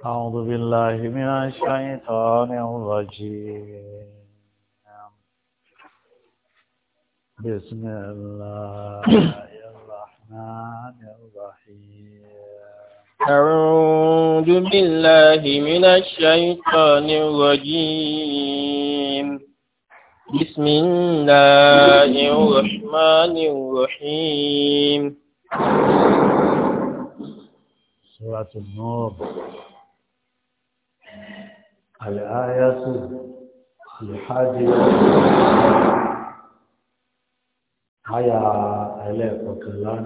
أعوذ بالله من الشيطان الرجيم بسم الله الرحمن الرحيم أعوذ بالله من الشيطان الرجيم بسم الله الرحمن الرحيم سورة النور الآية الحادية هيا آية إليك وكلام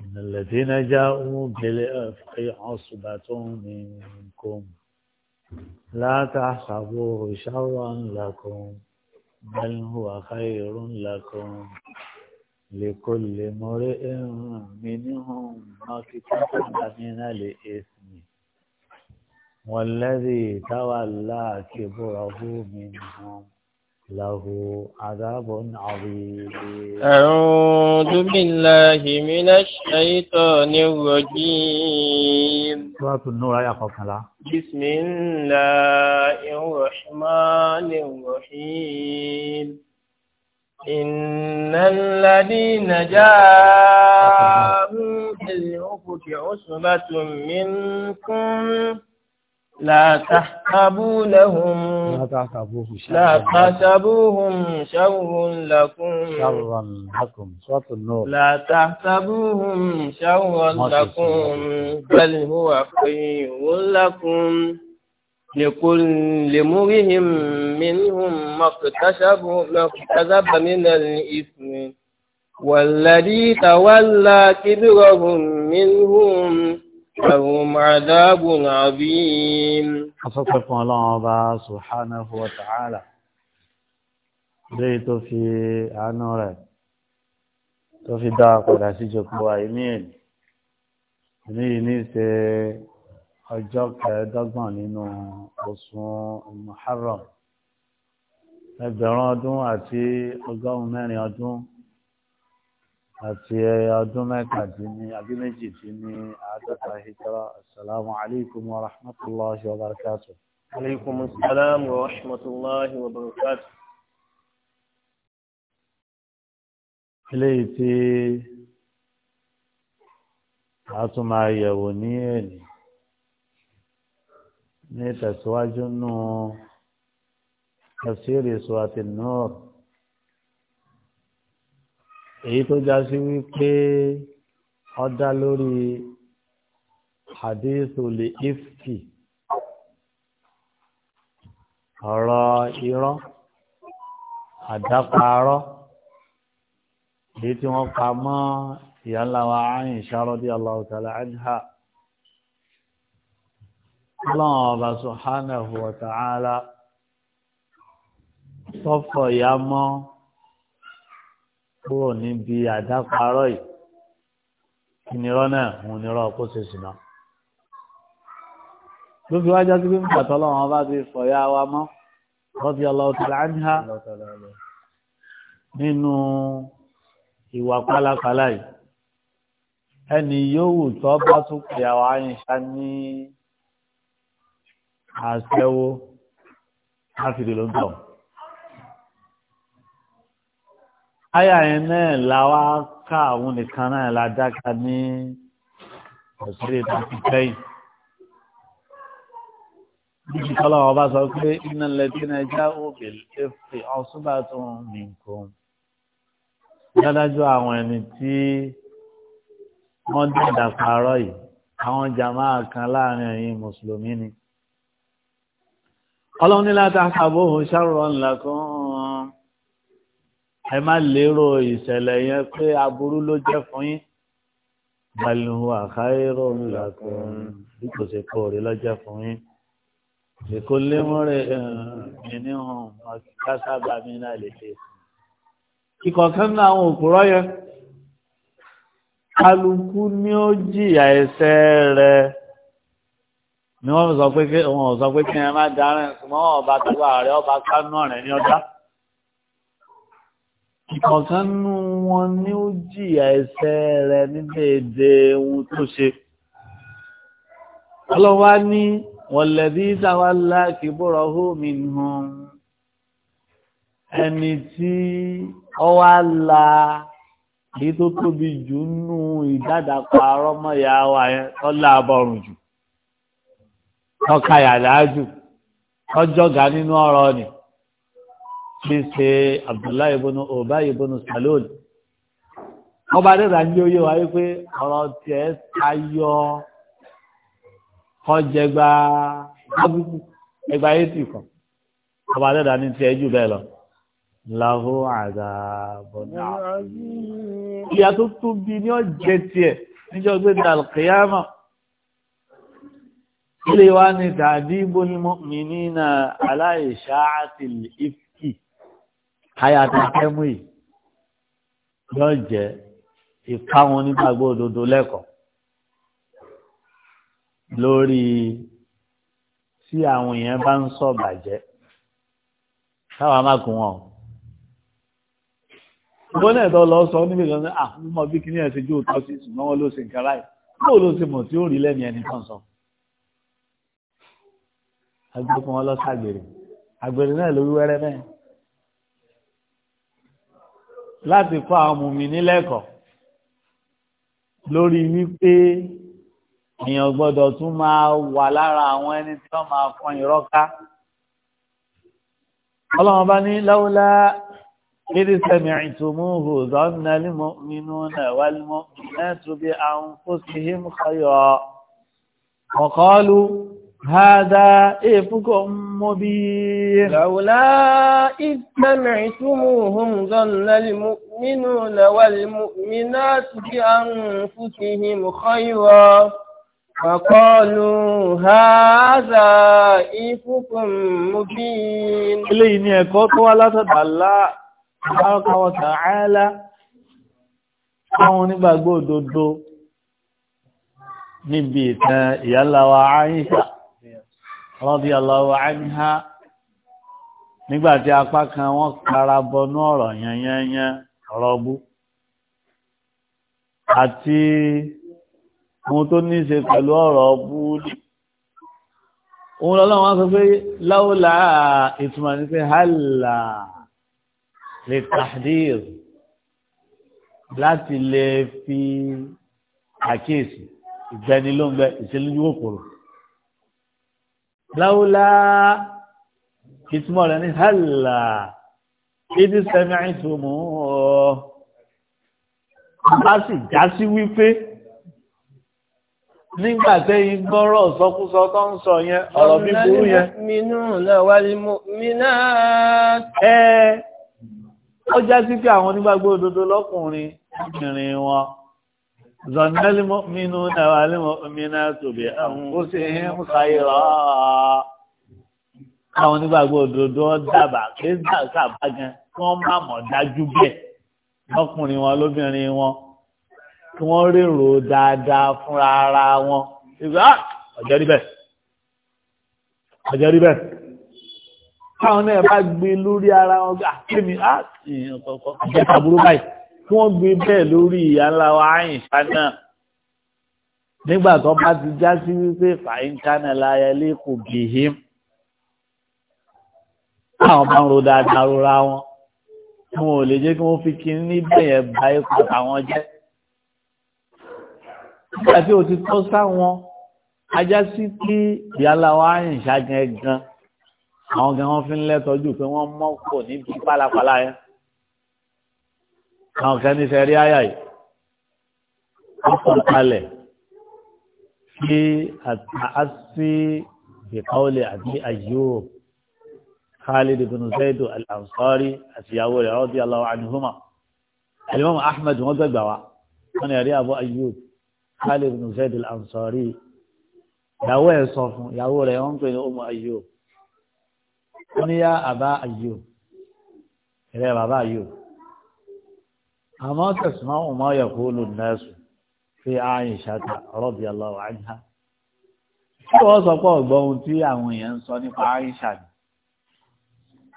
إن الذين جاءوا بالإفق عصبة منكم لا تحسبوه شرا لكم بل هو خير لكم لكل امرئ منهم ما كتب من الإثم والذي تولى كبره منهم له عذاب عظيم أعوذ بالله من الشيطان الرجيم سورة النور يا خفنا بسم الله الرحمن الرحيم إن الذين جاءوا بالعفك عصبة منكم لا تحسبونهم لا تحسبوهم شر لكم شرا لكم صوت النور لا تحسبوهم شرا لكم بل هو خير لكم لكل مرهم منهم ما اكتسب ما اكتسب من الإثم والذي تولى كبرهم منهم لهم عذاب عظيم أصدق الله سبحانه وتعالى ليت في عنور تو في داق ولا سيجوك وايمين ní ní ṣe ọjọ́ kẹẹ̀ẹ́dọ́gbọ̀n nínú oṣù muharram ẹgbẹ̀rún ọdún àti ọgọ́rùn-ún mẹ́rin ọdún àti ọdún mẹ́tàdínní àbí méjìdínní àádọ́ta hijra asalaamu alaykum wa rahmatulahi wa barakatu. alaykum salaam wa rahmatulahi wa barakatu. eléyìí tí a tún máa yẹ̀wò ní èyí ní ìtẹ̀síwájú nù tafsiri surati nur èyí tó já sí wípé ó lórí hadithu li ifki ọ̀rọ̀ irọ́ àdáparọ́ èyí tí wọ́n pa mọ́ ìyá ńlá wa Aisha radiyallahu ta'ala anha ọlọ́run ọba subhanahu wa ta'ala tọ́fọ̀ ìyá mọ́ kúrò níbi àdáparọ́ yìí ìnirọ́ náà òun nírọ́ kó ṣe ṣìnà ló fi wájá sí pé nígbà tọ́lọ́run ọba ti fọ̀yà wa mọ́ rọ́bì ọlọ́ọ̀tàlá anha nínú ìwà pálapàla yìí ẹni yóò wù tó bá tún pè àwọn àyìnṣá ní aṣẹ́wó káfíìrì ló ń tọ̀. Aya yẹn náà làwa ká àwọn nìkan náà la dáka ní ọ̀sẹ̀rẹ̀ tàbí kẹ́yìn. Bíbí tọ́lá ọba sọ pé iná lẹ́tí náà já òbí lẹ́fẹ̀ ọ̀ṣúbà tó ń mì nǹkan. Dádájú àwọn ẹni tí wọ́n dẹ̀dà pààrọ̀ yìí, àwọn jàmáà kan láàrin ẹ̀yin Mùsùlùmí ni ọlọ́run ní láti àkàbò ṣàrọ̀ ńlá kan ẹ má lérò ìṣẹ̀lẹ̀ yẹn pé aburú ló jẹ́ fún yín balùwù àkáyérò ńlá kan bí kò ṣe kó rí lọ́jọ́ fún yín èkó lémúrè ẹni hàn kásábà mi náà lè ṣe ìkọ̀kan náà àwọn òpùrọ̀ yẹn kálukú ni ó jìyà ẹ̀ṣẹ̀ rẹ̀ ni wọ́n sọ pé kí wọ́n sọ pé kí ẹ má darin ṣùgbọ́n ọba tó wà rẹ ọba kánú rẹ ní ọjà. ìkọ̀kan nú wọn ni ó jìyà ẹ̀ṣẹ̀ rẹ ní déédé ohun tó ṣe. ọlọ́wà ní wọ̀lẹ́bí sáwálá kì bọ̀rọ̀ hómi hàn ẹni tí ọwá la èyí tó tóbi jù nù ìdádàpọ̀ arọ́mọ̀yà wa yẹn tọ́lá abọ́rùn jù ọkà yàdájú ọjọ́ ga nínú ọ̀rọ̀ ni tí ṣe abdullahi ibùnú Ubay ibùnú salol ọba dẹ́ta ń yóyó wáyé pé ọ̀rọ̀ tiẹ̀ tayọ ọjẹgba ábùkù ẹgba eighty kan ọba dẹ́ta ní tiẹ̀ jù bẹ́ẹ̀ lọ lahu àdàbọ̀nà ìyá tó tóbi ní ọjẹ tiẹ̀ níjọ́ gbé dàlùkìyàmọ̀ ilé wa ni tàdíbò ní mọ́mìnì náà aláìṣá àti ìfì ayàtà kẹ́mù yìí yóò jẹ́ ìkáwọn onígbàgbọ́ òdodo lẹ́kọ̀ọ́ lórí tí àwọn èèyàn bá ń sọ bàjẹ́ káwa má kún wọn. Gbọ́nà ẹ̀dọ́ lọ sọ níbi ìlànà àwọn ọmọ bí kìíní ẹ̀ ṣe jó tọ́ sí ṣùgbọ́n wọn ló ṣe nǹkan Báwo ló ṣe mọ̀ tí ó rí lẹ́nu ẹni kan sọ? agbé fún wọn lọ́sàgbèrè àgbèrè náà ló wíwẹ́rẹ́ bẹ́ẹ̀ láti kọ́ àwọn mùmí nílẹ̀kọ̀ọ́ lórí wípé èèyàn gbọ́dọ̀ tún máa wà lára àwọn ẹni tí wọ́n máa kọ́ irọ́ ká ọlọ́run bá ní láúlá kéde sẹ́mi ìtòmúhù zọ́nà límọ̀ nínú náà wà límọ̀ náà tó bí àwọn fóṣìhìm kọyọ̀ هذا إفك مبين لولا إذ سمعتموهم ظن المؤمنون والمؤمنات بأنفسهم خيرا وقالوا هذا إفك مبين إليه نيكوت ولا تدلع تبارك وتعالى àwọn onígbàgbọ́ òdodo níbi ìtàn ìyáláwa Àìṣà radiyallahu anha nígbàtí apá kan wọ́n kára bọnú ọ̀rọ̀ yẹnyẹnyẹn rọ́bú àti ohun tó ní ṣe pẹ̀lú ọ̀rọ̀ búlì òun lọ́lọ́wọ́n sọ pé láúlà ìtumọ̀ ní pé hálà lè tàdír láti lè fi àkíyèsí ìgbẹ́ni ló ń bẹ ìṣẹ́lójú láúlá ìtumọ̀ rẹ̀ ní hàlà ìdí sẹ́mi àìsùnmù ọ̀ bá sì já sí wípé nígbà tẹ́yìn gbọ́rọ̀ sọkúsọ tó ń sọ yẹn ọ̀rọ̀ bíburú yẹn. minú náà wà ní mínà. ẹ ọjà sí pé àwọn onígbàgbọ́ òdodo lọ́kùnrin obìnrin wọn. ظن المؤمنون والمؤمنات بأنفسهم خيرا àwọn onígbàgbọ́ òdodo dábàá pé gbàgbà bágan kí wọ́n má mọ̀ dájú bẹ́ẹ̀ lọ́kùnrin wọn lóbìnrin wọn kí wọ́n rèrò dáadáa fúnra ara wọn ìgbà ọ̀jọ́ rí bẹ́ẹ̀ ọ̀jọ́ rí bẹ́ẹ̀ káwọn náà bá gbé lórí ara wọn gbà kémi á ìyẹn kọ̀ọ̀kan ìjẹta burú báyìí kí wọ́n gbé bẹ́ẹ̀ lórí ìyá ńlá wa àyìnṣá náà nígbà tó bá ti já sí wípé fàyínkánà láyẹlé kò gbèhé àwọn bá ń ro dáadáa rora wọn wọn ò lè jẹ́ kí wọ́n fi kiri níbẹ̀ yẹn bá ikú àwọn jẹ́ nígbà tí o ti tọ́ sáwọn ajá sí kí ìyá ńlá wa àyìnṣá gan gan àwọn gan wọn fi ń lẹ́tọ́jú pé wọ́n mọ́kò níbi pálapàla yẹn àwọn kan ní sẹ́rí àyà yìí ọ̀pọ̀lọpọ̀ sí àtàásí ìkọ́lẹ̀ àti Ayyub Khalid ibn Zaid al-Ansari àti ìyàwó rẹ̀ radiyallahu anhuma Al-Imam Ahmad wọ́n gbẹ̀gbà wa wọ́n yẹ̀rí Abu Ayyub Khalid ibn Zaid al-Ansari ìyàwó ẹ̀ sọ fún ìyàwó rẹ̀ wọ́n ń pè ní Umm Ayyub wọ́n ní yá Aba Ayyub ìrẹ́ bàbá Ayyub àmọ́ tẹ̀sùmáwò máa yẹ kó lù nẹ́ẹ̀sù fi Àìṣà ta radiyallahu anha. tí wọ́n sọ pé ọ̀gbọ́n ohun tí àwọn èèyàn ń sọ nípa Àìṣà ni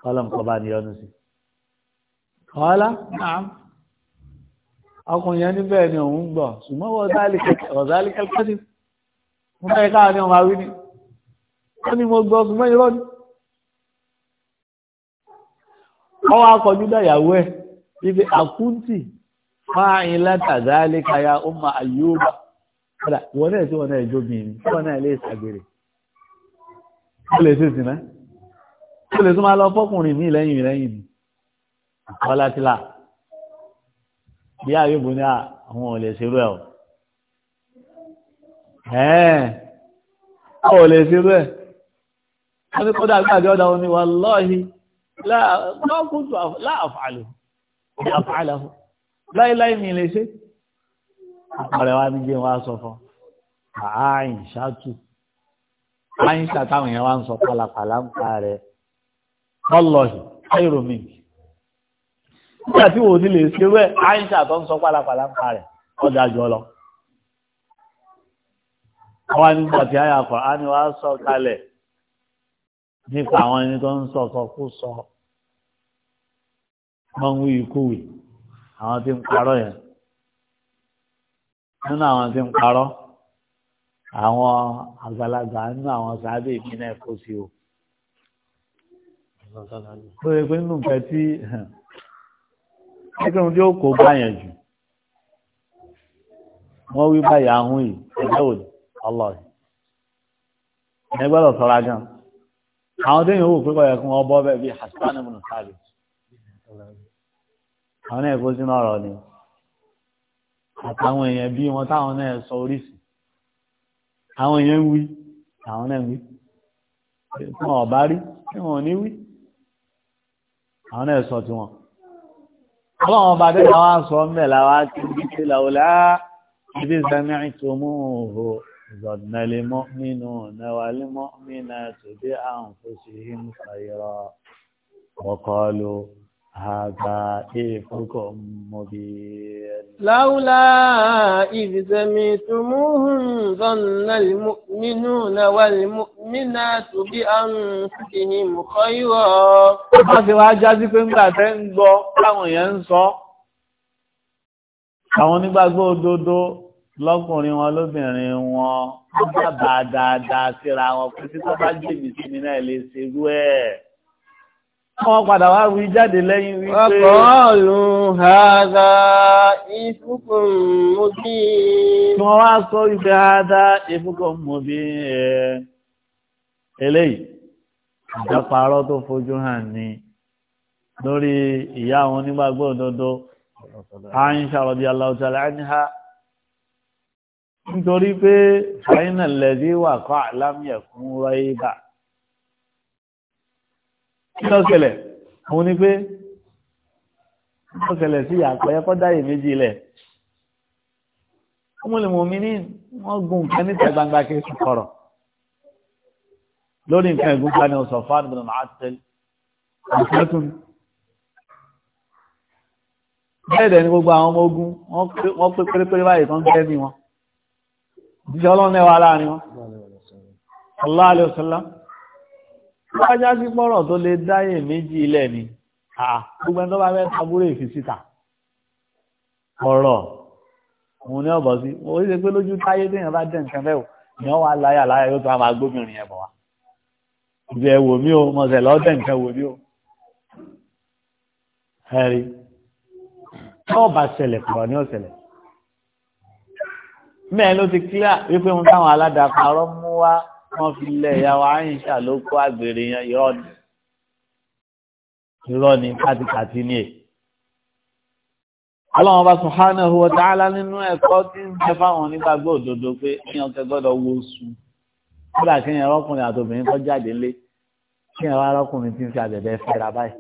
kọ́lọ̀ nǹkan bá ní ọdún sí. kọ́lá náà ọkùnrin yẹn níbẹ̀ ni òun gbọ́ ṣùgbọ́n ọ̀dálíkẹ́ kẹ́sì mo fẹ́ káà ní ọmọ awí ni wọ́n ní mo gbọ́ ṣùgbọ́n irọ́ ni. ọwọ́ akọ̀jú dá ìyàwó ẹ̀ ibi àkúntì fáàyìn látàdálẹ́ka ya ọmọ àyùbá padà wọn náà tí wọn náà jóbi ní tí wọn náà lè ṣàgbèrè ó lè ṣe sí náà ó lè tún máa lọ fọkùnrin mí lẹ́yìn lẹ́yìn ni ọlá ti là bí àyùbá ní àwọn ò lè ṣerú ẹ̀ o ẹ̀ẹ́n ò lè ṣerú ẹ̀ wọ́n ní kọ́dà gbàgbé ọ̀dà wọn ni wàlọ́ọ̀hì láàfàlù ní afáàlẹ́hù láíláí ní ilé ṣe ọ̀rẹ́ wa ní jẹ́ wá sọ fún àáyìn ṣáàtù àáyìn ṣàtàwọn èèyàn wá ń sọ pàlàpàlà ń pa rẹ̀ ọlọ́ọ̀hì káìròmì nígbà tí wò ní lè ṣe wẹ́ àáyìn ṣàtọ́ ń sọ pàlàpàlà ń pa rẹ̀ ọjà jọ lọ. àwa nígbà tí àyà kọ̀ á ní wàá sọ kalẹ̀ nípa àwọn ẹni tó ń sọ sọ kú sọ wọ́n ń àwọn tí ń parọ́ yẹn nínú àwọn tí ń parọ́ àwọn àgbàlagbà nínú àwọn sáábẹ̀ ìpínlẹ̀ kò sí o lórí pé nínú nǹkan tí ẹgbẹ́ wọn tí ó kó báyẹn jù wọ́n wí báyìí ahun yìí ẹgbẹ́ òdì ọlọ́ọ̀dì ẹgbẹ́ lọ sọ́ra àwọn tí yòówù pé kọ́ yẹ kí wọ́n bọ́ bẹ́ẹ̀ bíi hasan ibùdó sábẹ̀ àwọn náà kó sínú ọ̀rọ̀ ni àtàwọn èèyàn bí wọn táwọn náà sọ oríṣi àwọn èèyàn ń wí àwọn náà ń wí wọn ọ̀bá rí tí wọn ò ní wí àwọn náà sọ tiwọn ọlọ́run ọba dé làwọn sọ mẹ́ làwọn ti bí ṣe làwọlá ibi sami ìtòmúhò zọ̀dínàlẹ́mọ́ nínú náwàlẹ́mọ́ nínú tòdé àwọn fòṣìhìn fàyọ̀ ọkọ̀ lò. هذا إفك مبين لولا إذ سمعتموه ظن المؤمنون والمؤمنات بأنفسهم خيرا Wọ́n ti wá jáde pé ńgbà tẹ́ ń gbọ́ káwọn èèyàn ń sọ. Àwọn onígbàgbọ́ òdodo lọ́kùnrin wọn lóbìnrin wọn, wọ́n bàbá dáadáa síra wọn pé títọ́ bá jèmí sí mi náà lè ṣerú ẹ̀. Wọ́n padà wá wí jáde lẹ́yìn wípé. Ọkọ̀ọ̀lù hàdà ìfúkùn mọ́bí. Kí wọ́n wá sọ wípé hàdà ìfúkùn mọ́bí ẹ̀. Eléyìí, ìjáparọ́ tó fojú hàn ni lórí ìyá àwọn onígbàgbọ́ òdodo. Aisha radiyallahu ta'ala anha. Nítorí pé Fáínà lẹ́dí wà kọ́ àlámì ẹ̀kún rọ́ kí ló ṣẹlẹ̀ òun ni pé ó ṣẹlẹ̀ sí àpẹẹ kọ́dá yìí méjì lẹ̀ ọmọ lè mọ̀ mí ní wọ́n gun nǹkan níta gbangba kí n sọ̀rọ̀ lórí nǹkan ìgún kan ní ọ̀sọ̀ fáwọn ìbùdó máa tẹ̀lé ọ̀sẹ̀tún bẹ́ẹ̀ dẹ̀ ni gbogbo àwọn ọmọ ogun wọ́n pé pérépéré báyìí tó ń tẹ́ ní wọn jíjẹ́ ọlọ́run lẹ́wà láàrin wọn Allah alaihi wasallam lọ́jà sí pọ́rọ̀ tó lè dáyè méjì ilẹ̀ ni gbogbo ẹni tó bá fẹ́ tabúrò ìfisíta ọ̀rọ̀ òun ní ọ̀bọ̀ sí ó ṣe pé lójú táyé téèyàn bá dẹ̀ nǹkan fẹ́ o ìyẹn wà láyà láyà yóò tó a máa gbóbìnrin yẹn bọ̀ wá ìbí ẹ wò mí o mọ̀sẹ̀ lọ́ dẹ̀ nǹkan wò mí o ẹ̀rí ọba ṣẹlẹ̀ pọ̀ ní ọ̀ṣẹlẹ̀ mẹ́ẹ̀ ló ti kílíà wípé ohun táwọn aládàá parọ́ mú wá wọ́n fi lẹ̀ ìyàwó àyìnṣà ló kó àgbèrè yẹn irọ́ ni irọ́ ni kátikàti ni è. E. ọlọ́run bá subhanahu wa ta'ala nínú ẹ̀kọ́ tí ń bẹ fáwọn onígbàgbọ́ òdodo pé èèyàn kẹ gbọ́dọ̀ wo oṣù kódà kí èèyàn rọ́kùnrin àtòbìnrin kọ́ jáde lé kí èèyàn wá ń fi àbẹ̀bẹ̀ fẹ́ra báyìí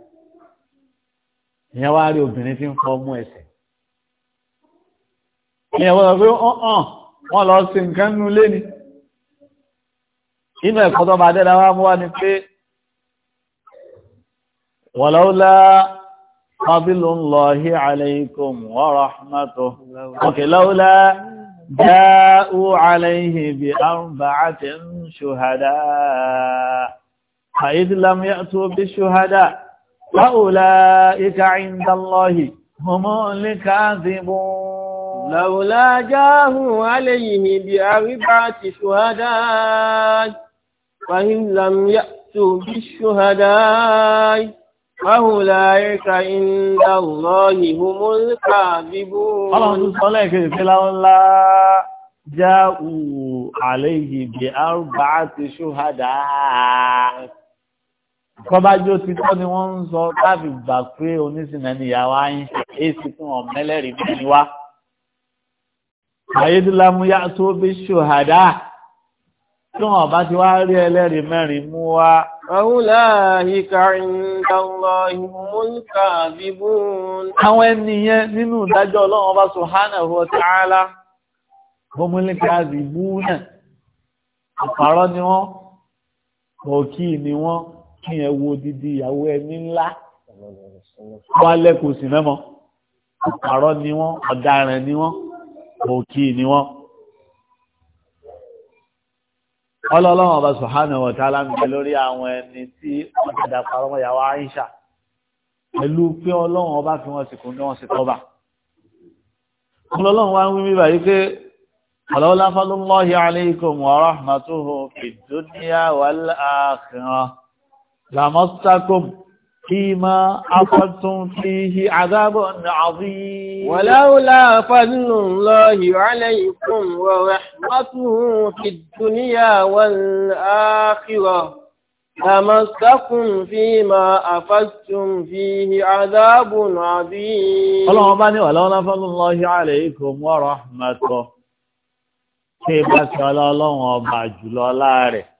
èèyàn wá rí obìnrin tí ń fọ́ mú ẹsẹ̀ èèyàn wọ́n lọ sí nǹkan nulé ni inú ẹ̀kọ́ tó máa dẹ́ra wá mú wá ni pé wàláwùlá fábílù ń lọ hí aláìkòm wọ́rọ̀ mọ́tò ọ̀kẹ́ láwùlá jáú aláìhì bí àrùbá àti ṣùhádá àìdílam yàtò bí ṣùhádá láwùlá ikà ìndàlọ́hì mọ́mọ́ lè káàzìbò láwùlá jáú aláìhì bí àrùbá àti ṣùhádá فإن لم يأتوا بالشهداء فأولئك عند الله هم الكاذبون الله سبحانه وتعالى لولا جاءوا عليه بأربعة شهداء kọbájú títọ́ ni wọ́n ń sọ láti gbà pé onísìnà ni ìyàwó ayín èsì fún ọ̀mẹ́lẹ́rìí mẹ́rin wá. àyédúlámúyá tó bí ṣòhádà tí wọn bá ti wá rí ẹlẹ́rìí mẹ́rin mú wá. àwùlà ìka ìdáwọ̀ ìmúlùkà bíbú. àwọn ènìyàn nínú ìdájọ́ ọlọ́run ọba subhanahu wa ta'ala gbọmúlùkà bíbú náà àpárọ̀ ni wọ́n òkì ni wọ́n kí ẹ wo didi ìyàwó ẹni ńlá wálẹ̀ kò sí mẹ́mọ́ àpárọ̀ ni wọ́n ọ̀daràn ni wọ́n òkì ni wọ́n. ọlọ́lọ́wọ́n ọba subhanahu wa ta'ala ń bẹ lórí àwọn ẹni tí wọ́n ti dàpọ̀ àwọn ìyàwó Aisha pẹ̀lú pé ọlọ́wọ́n ọba fi wọ́n sìnkú ní wọ́n sì tọ́ba. ọlọ́lọ́wọ́n wa ń wí bíbá yìí pé ọlọ́lá fadlullahi alaykum wa rahmatuhu fid dunya wal akhirah فيما أخذتم فيه عذاب عظيم ولولا فضل الله عليكم ورحمته في الدنيا والآخرة لمسكم فيما أخذتم فيه عذاب عظيم اللهم بني ولولا فضل الله عليكم ورحمته كيف سأل الله وبعجل الله عليه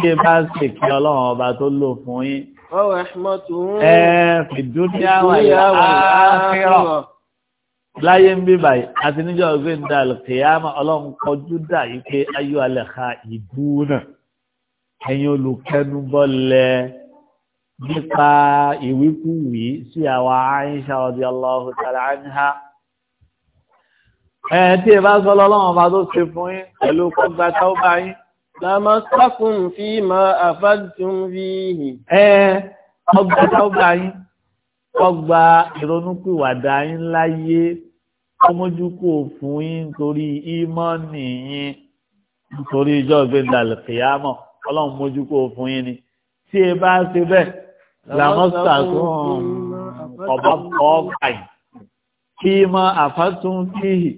tí bá sì kí ọlọ́run ọba tó lò fún yín. Ọwọ́ ẹ̀ṣmọ́tò ń rẹ̀ fìdúníà wà áàkírọ̀. Láyé ń bí báyìí, àti níjọ́ ọ̀gbẹ́ ń da àlùkìyàmà ọlọ́run kọjú dà yìí pé ayọ́ àlẹ́ka ìbú náà. Ẹ̀yin olùkẹ́nubọ́lẹ̀ nípa ìwíkúwí sí àwa Aisha radiyallahu ta'ala anha. Ẹ̀ tí ẹ bá sọ lọ́lọ́run ọba tó ṣe fún yín pẹ̀lú kọ́gbà táwọn bá Tàmástákùn fi máa àfáàtún rí ìhì. Ẹ ọgbà ọgbà yín, ọgbà ìrònúpìwàdà yín láyé, ọmọjúkú òfin yín nítorí ímọ́nì yín, nítorí ìjọ ìgbéǹdàlẹ̀ kìyàmọ̀, ọlọ́run mójúkú òfin yín ni. Tí ẹ bá ṣe bẹ́ẹ̀, làmástákùn ọba kọ́ ọ̀pá yìí, máa àfáàtún rí ìhì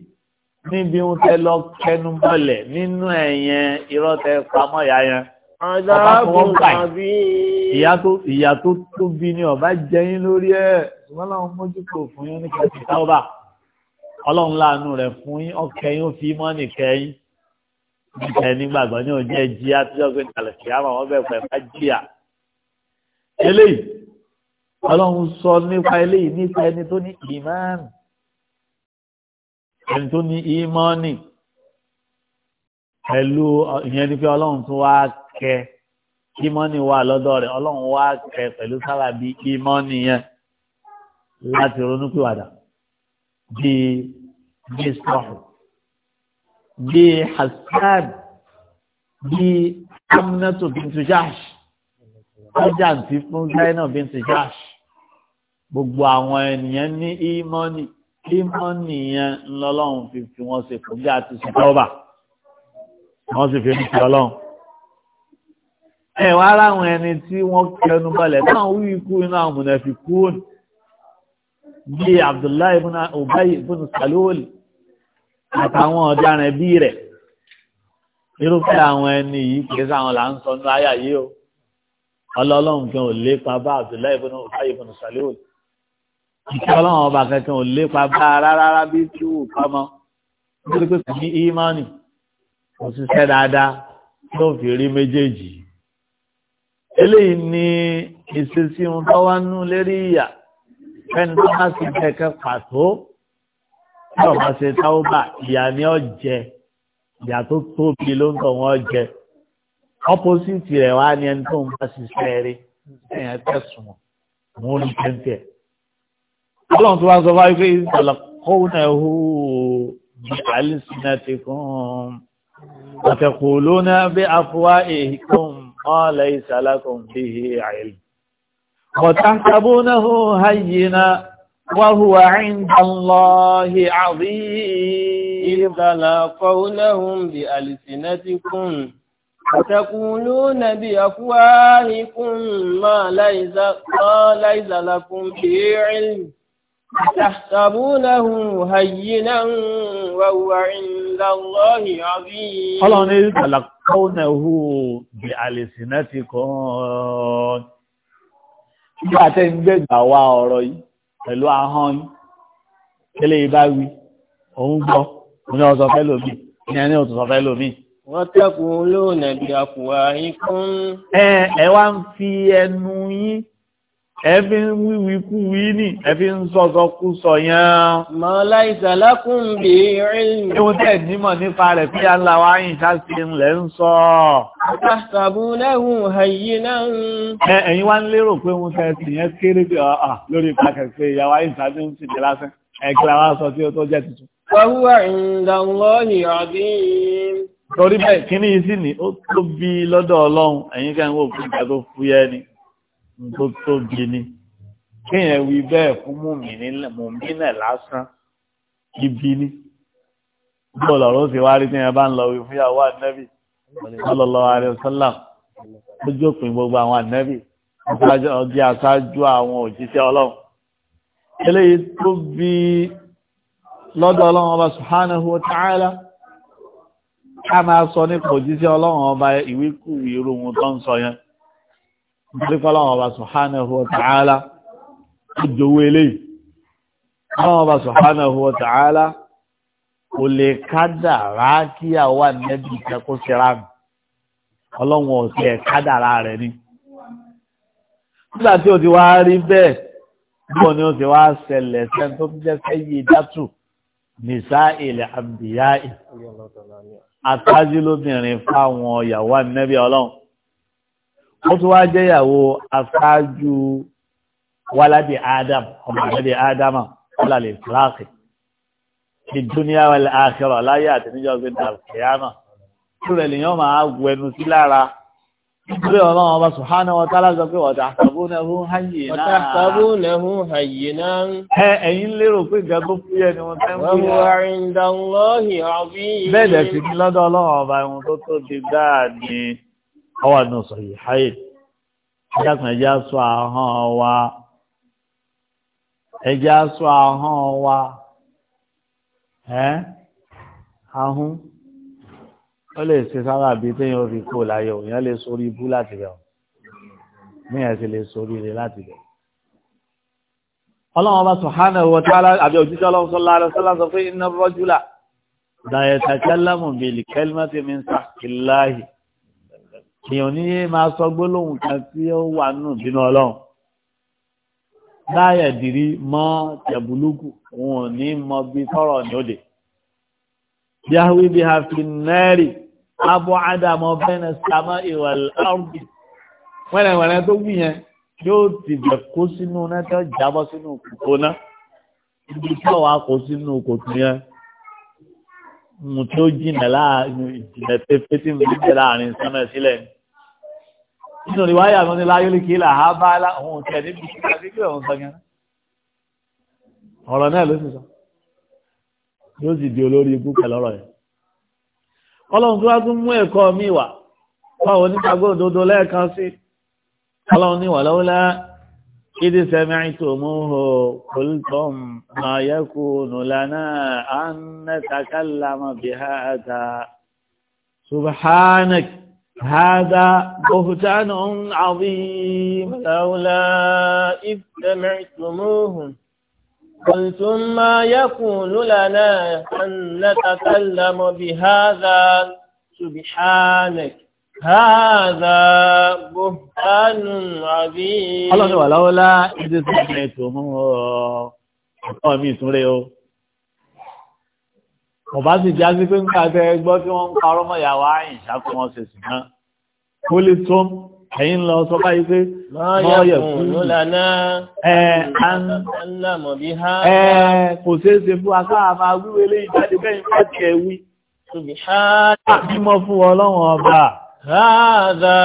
níbi ohun tẹ lọ kẹnu mọ́lẹ̀ nínú ẹ̀yẹn irọ́ tẹ pamọ́ ìyá yẹn ọba tó wọ́n gbà ìyá tó tóbi ni ọba jẹyìn lórí ẹ̀ ṣùgbọ́n láwọn mójú kò fún yín ní kẹsì táwọ́bà ọlọ́run láàánú rẹ̀ fún yín ọkẹyìn ó fi mọ́ nìkẹyìn nìkẹyìn nígbàgbọ́ ní òjẹ́ jí àtijọ́ pé kàlẹ̀ kí á mọ̀ wọ́n bẹ̀ pẹ̀ bá jìyà eléyìí ọlọ́run sọ nípa eléyìí nípa ẹni tó ní ìmáàmù ẹni tó ní ìmọ́ọ̀nì pẹ̀lú ìyẹn ni pé ọlọ́run tún wá kẹ ìmọ́ọ̀nì wà lọ́dọ̀ rẹ̀ ọlọ́run wá kẹ pẹ̀lú sábàbí ìmọ́ọ̀nì yẹn láti ronúpìwàdà bíi bíi sọ́ọ̀hù bíi hasan bíi amnatu bintu jash ọjà ntí fún zainab bintu jash gbogbo àwọn ènìyàn ní ìmọ́ọ̀nì ìmọ̀nì yẹn ńlọ́lọ́run fi fi wọ́n ṣe fún bí a ti ṣe tọ́ba wọ́n sì fi ń fi ọlọ́run. ẹ wá láwọn ẹni tí wọ́n kẹnu balẹ̀ náà wí ikú iná àwọn mùnàfi kúòn bí Abdullahi ibn Ubay ibn Salul àtàwọn ọ̀daràn bí rẹ̀ irúfẹ́ àwọn ẹni yìí kìí sáwọn là ń sọ ní ayà o ọlọ́lọ́run kan ò lépa bá Abdullahi ibn Ubay ibn Salul ìṣe ọlọ́run ọba kankan ò lépa bá ara rárá bí tí ó pamọ́ nítorí pé kò ní ímánì kò ṣiṣẹ́ dáadáa tí ó fi rí méjèèjì. eléyìí ni ìṣesí ohun tó wá nú lérí ìyà fẹ́ni tó bá sì kẹ̀kẹ́ pàtó tí ọba ṣe táwọn bá ìyà ni ó jẹ ìyà tó tóbi ló ń tọ̀ wọ́n jẹ ọ́pọ́sìtì rẹ̀ wá ni ẹni tó ń bá ṣiṣẹ́ rí ẹ̀yìn ẹ̀tẹ̀sùn mọ́ ní pẹ́ńtẹ̀ ọlọ́run tó wá sọ fáwọn ìfẹ́ ìsàlàkọ́nà ẹ̀hó bí àlìsínà ti kún àtẹ̀kùlónà bí afuwa èhìkún ọ̀lẹ̀ ìsàlàkùn bí i àìlì ọ̀tàkàbónáhó hayyina wáhùwà ìndàlọ́hì àbí ìsàlàkọ́nàhùn bí àlìsínà ti kún أتقولون بأفواهكم ما ليس, ما ليس لكم به علم Àtàbúnáhù hàyínà wàwà ìlàlọ́hì àbí. Ọlọ́run ní tàlàkọ́nàhù bí àlèsìnà ti kàn. Nígbà tẹ́ ń gbẹ̀gbà wá ọ̀rọ̀ yìí pẹ̀lú ahọ́n yìí, tẹ́lẹ̀ ìbá wí, òun gbọ́, òun náà sọ fẹ́ lómi, ní ẹni òtún sọ fẹ́ lómi. Wọ́n tẹ́kùn lónà bí àkùwà kún. Ẹ wá ń fi ẹnu yín ẹbí ń wíwí kú wí ní ẹbí ń sọ́sọ́ kú sọ yẹn. mọ̀lá ìsàlákùn bí ìrìn. ewu tẹ̀ nímọ̀ nípa rẹ̀ fi àńlá wa yìí ṣáṣì ńlẹ̀ ń sọ. àtàbù lẹ́hùn ayé náà. ẹ ẹ̀yin wá ń lérò pé wọ́n fẹ́ sì yẹn kéré bí ọ̀ọ́ ah, ah, lórí pàkẹ́kẹ́ ìyàwó ayé ìsàlákùn ń sìnkì lásán ẹ̀kíra wa sọ tí ó tó jẹ́ tuntun. wàhùwà ìdánwòhì ọ̀dín. torí bẹ́ẹ̀ kíní yìí sì ní ó tóbi lọ́dọ̀ ọlọ́run ẹ̀yin kẹ́ tó tóbi ni kéèyàn wí bẹ́ẹ̀ fún mùmínà lásán ibi ni bọ́ọ̀lù ọ̀rọ̀ sì wá rí tí yẹn bá ń lọ wí fún yàwó ànẹ́bì sallallahu alaihi wasallam ó jópin gbogbo àwọn ànẹ́bì ọdí aṣáájú àwọn òjíṣẹ́ ọlọ́run eléyìí tó bí lọ́dọ̀ ọlọ́run ọba subhanahu wa ta'ala ká máa sọ nípa òjíṣẹ́ ọlọ́run ọba ìwíkú ìròhun tó ń sọ yẹn nítorí fọlọ́wọ́n ọba subhanahu wa ta'ala ó jowó eléyìí fọlọ́wọ́n ọba subhanahu wa ta'ala kò lè kádàrá kí àwa nẹ́bí ìtẹ́kọ́ síra mi ọlọ́run ọ̀sẹ̀ kádàrá rẹ̀ ni nígbà tí o ti wá rí bẹ́ẹ̀ bọ́ọ̀ ni o ti wá ṣẹlẹ̀ sẹ́ni tó ti jẹ́ sẹ́yìn dátù nìsá ilẹ̀ àbíyá àtàjù lóbìnrin fáwọn ìyàwó nẹ́bí ọlọ́run ó tún wá jẹ́ ìyàwó aṣáájú wáládì adam ọmọ àgbẹ̀dẹ̀ adama wálàlẹ̀ ìfúláàkì ní dúníà wálẹ̀ àkẹrọ̀ láyé àti níjọ́ gbé dàlùkìyàmà tó rẹ̀ lèyàn máa wẹnu sí lára nítorí ọlọ́run ọba sùhánà wọn tálágọ pé ọ̀tà àtàbónẹ̀hú hayè náà ọ̀tà àtàbónẹ̀hú hayè náà ẹ ẹ̀yin lérò pé ìgbà tó fúyẹ́ ni wọ́n tẹ́ ń fúyẹ́ wọ́n wà ń dánlọ́hì ọ̀bí bẹ́ẹ̀ dẹ̀ sí ní lọ́dọ̀ ọlọ́run ọba ẹ̀hún tó tó ti dáa ni ọwọ́ àdùn sọ yìí háyè ẹ̀dàkùn ẹ̀já sọ ahọ́n wa ẹ̀já sọ ahọ́n wa ẹ́ ahún ó lè ṣe sára bíi téèyàn fi kó láyọ̀ èèyàn lè sórí ibú láti bẹ̀ ọ́ níyàn sì lè sórí ire láti bẹ̀. ọlọ́run ọba subhanahu wa ta'ala àbí òjíṣẹ́ ọlọ́run sallallahu alaihi wasallam sọ pé inna rajula la yatakallamu bil kalimati min sahkillahi èèyàn ní máa sọ gbólóhùn kan tí ó wà nù bínú ọlọ́run láyẹ̀ dìrí mọ́ tẹ̀bùlùkù wọn ò ní mọ bí tọrọ ní òde yahoo bí a fi nẹ́ẹ̀rì abọ́ ádámọ́ bẹ́ẹ̀ sàmọ́ ìwà lọ́rùn wẹ́rẹ̀wẹ̀rẹ̀ tó wù yẹn yóò ti bẹ̀ kó sínú náà tó jábọ́ sínú kòtò náà ibi tí ọ̀wá kó sínú kòtò yẹn mo tó jìnà láàrin ìjìnlẹ̀ tẹ́fẹ́ tí mo jẹ́ láàrin sánmẹ̀ ni nínú ìwáyà lọ ní láyọ́lì kí là á bá lá òun tẹ̀ níbi ìṣẹ́lá gbígbé òun sọ yẹn ọ̀rọ̀ náà ló sì sọ yóò sì di olórí ikú pẹ̀lú ọ̀rọ̀ yẹn ọlọ́run tó wá tún mú ẹ̀kọ́ mi wà fáwọn onígbàgbọ́ òdodo lẹ́ẹ̀kan sí ọlọ́run ní wà lọ́wọ́lá ìdí sami'tumuhu qultum ma yakunu lana an natakallama bihadha subhanak. هذا بهتان عظيم لولا إذ سمعتموه قلتم ما يكون لنا أن نتكلم بهذا سبحانك هذا بهتان عظيم الله لولا إذ سمعتموه ọba sì já sí pé nígbà tẹ gbọ́ tí wọ́n ń parọ́ mọ́ ìyàwó àyìn ṣàkó wọn ṣe sì náà kó lè tó ẹ̀yìn lọ sọ báyìí pé lọ́ọ̀yẹ̀ fún mi ẹ̀ kò ṣeé ṣe fún wa káà máa wíwé léyìn jáde bẹ́yìn bá tiẹ̀ wí. bímọ fún wọn lọ́wọ́n ọba. ráàdà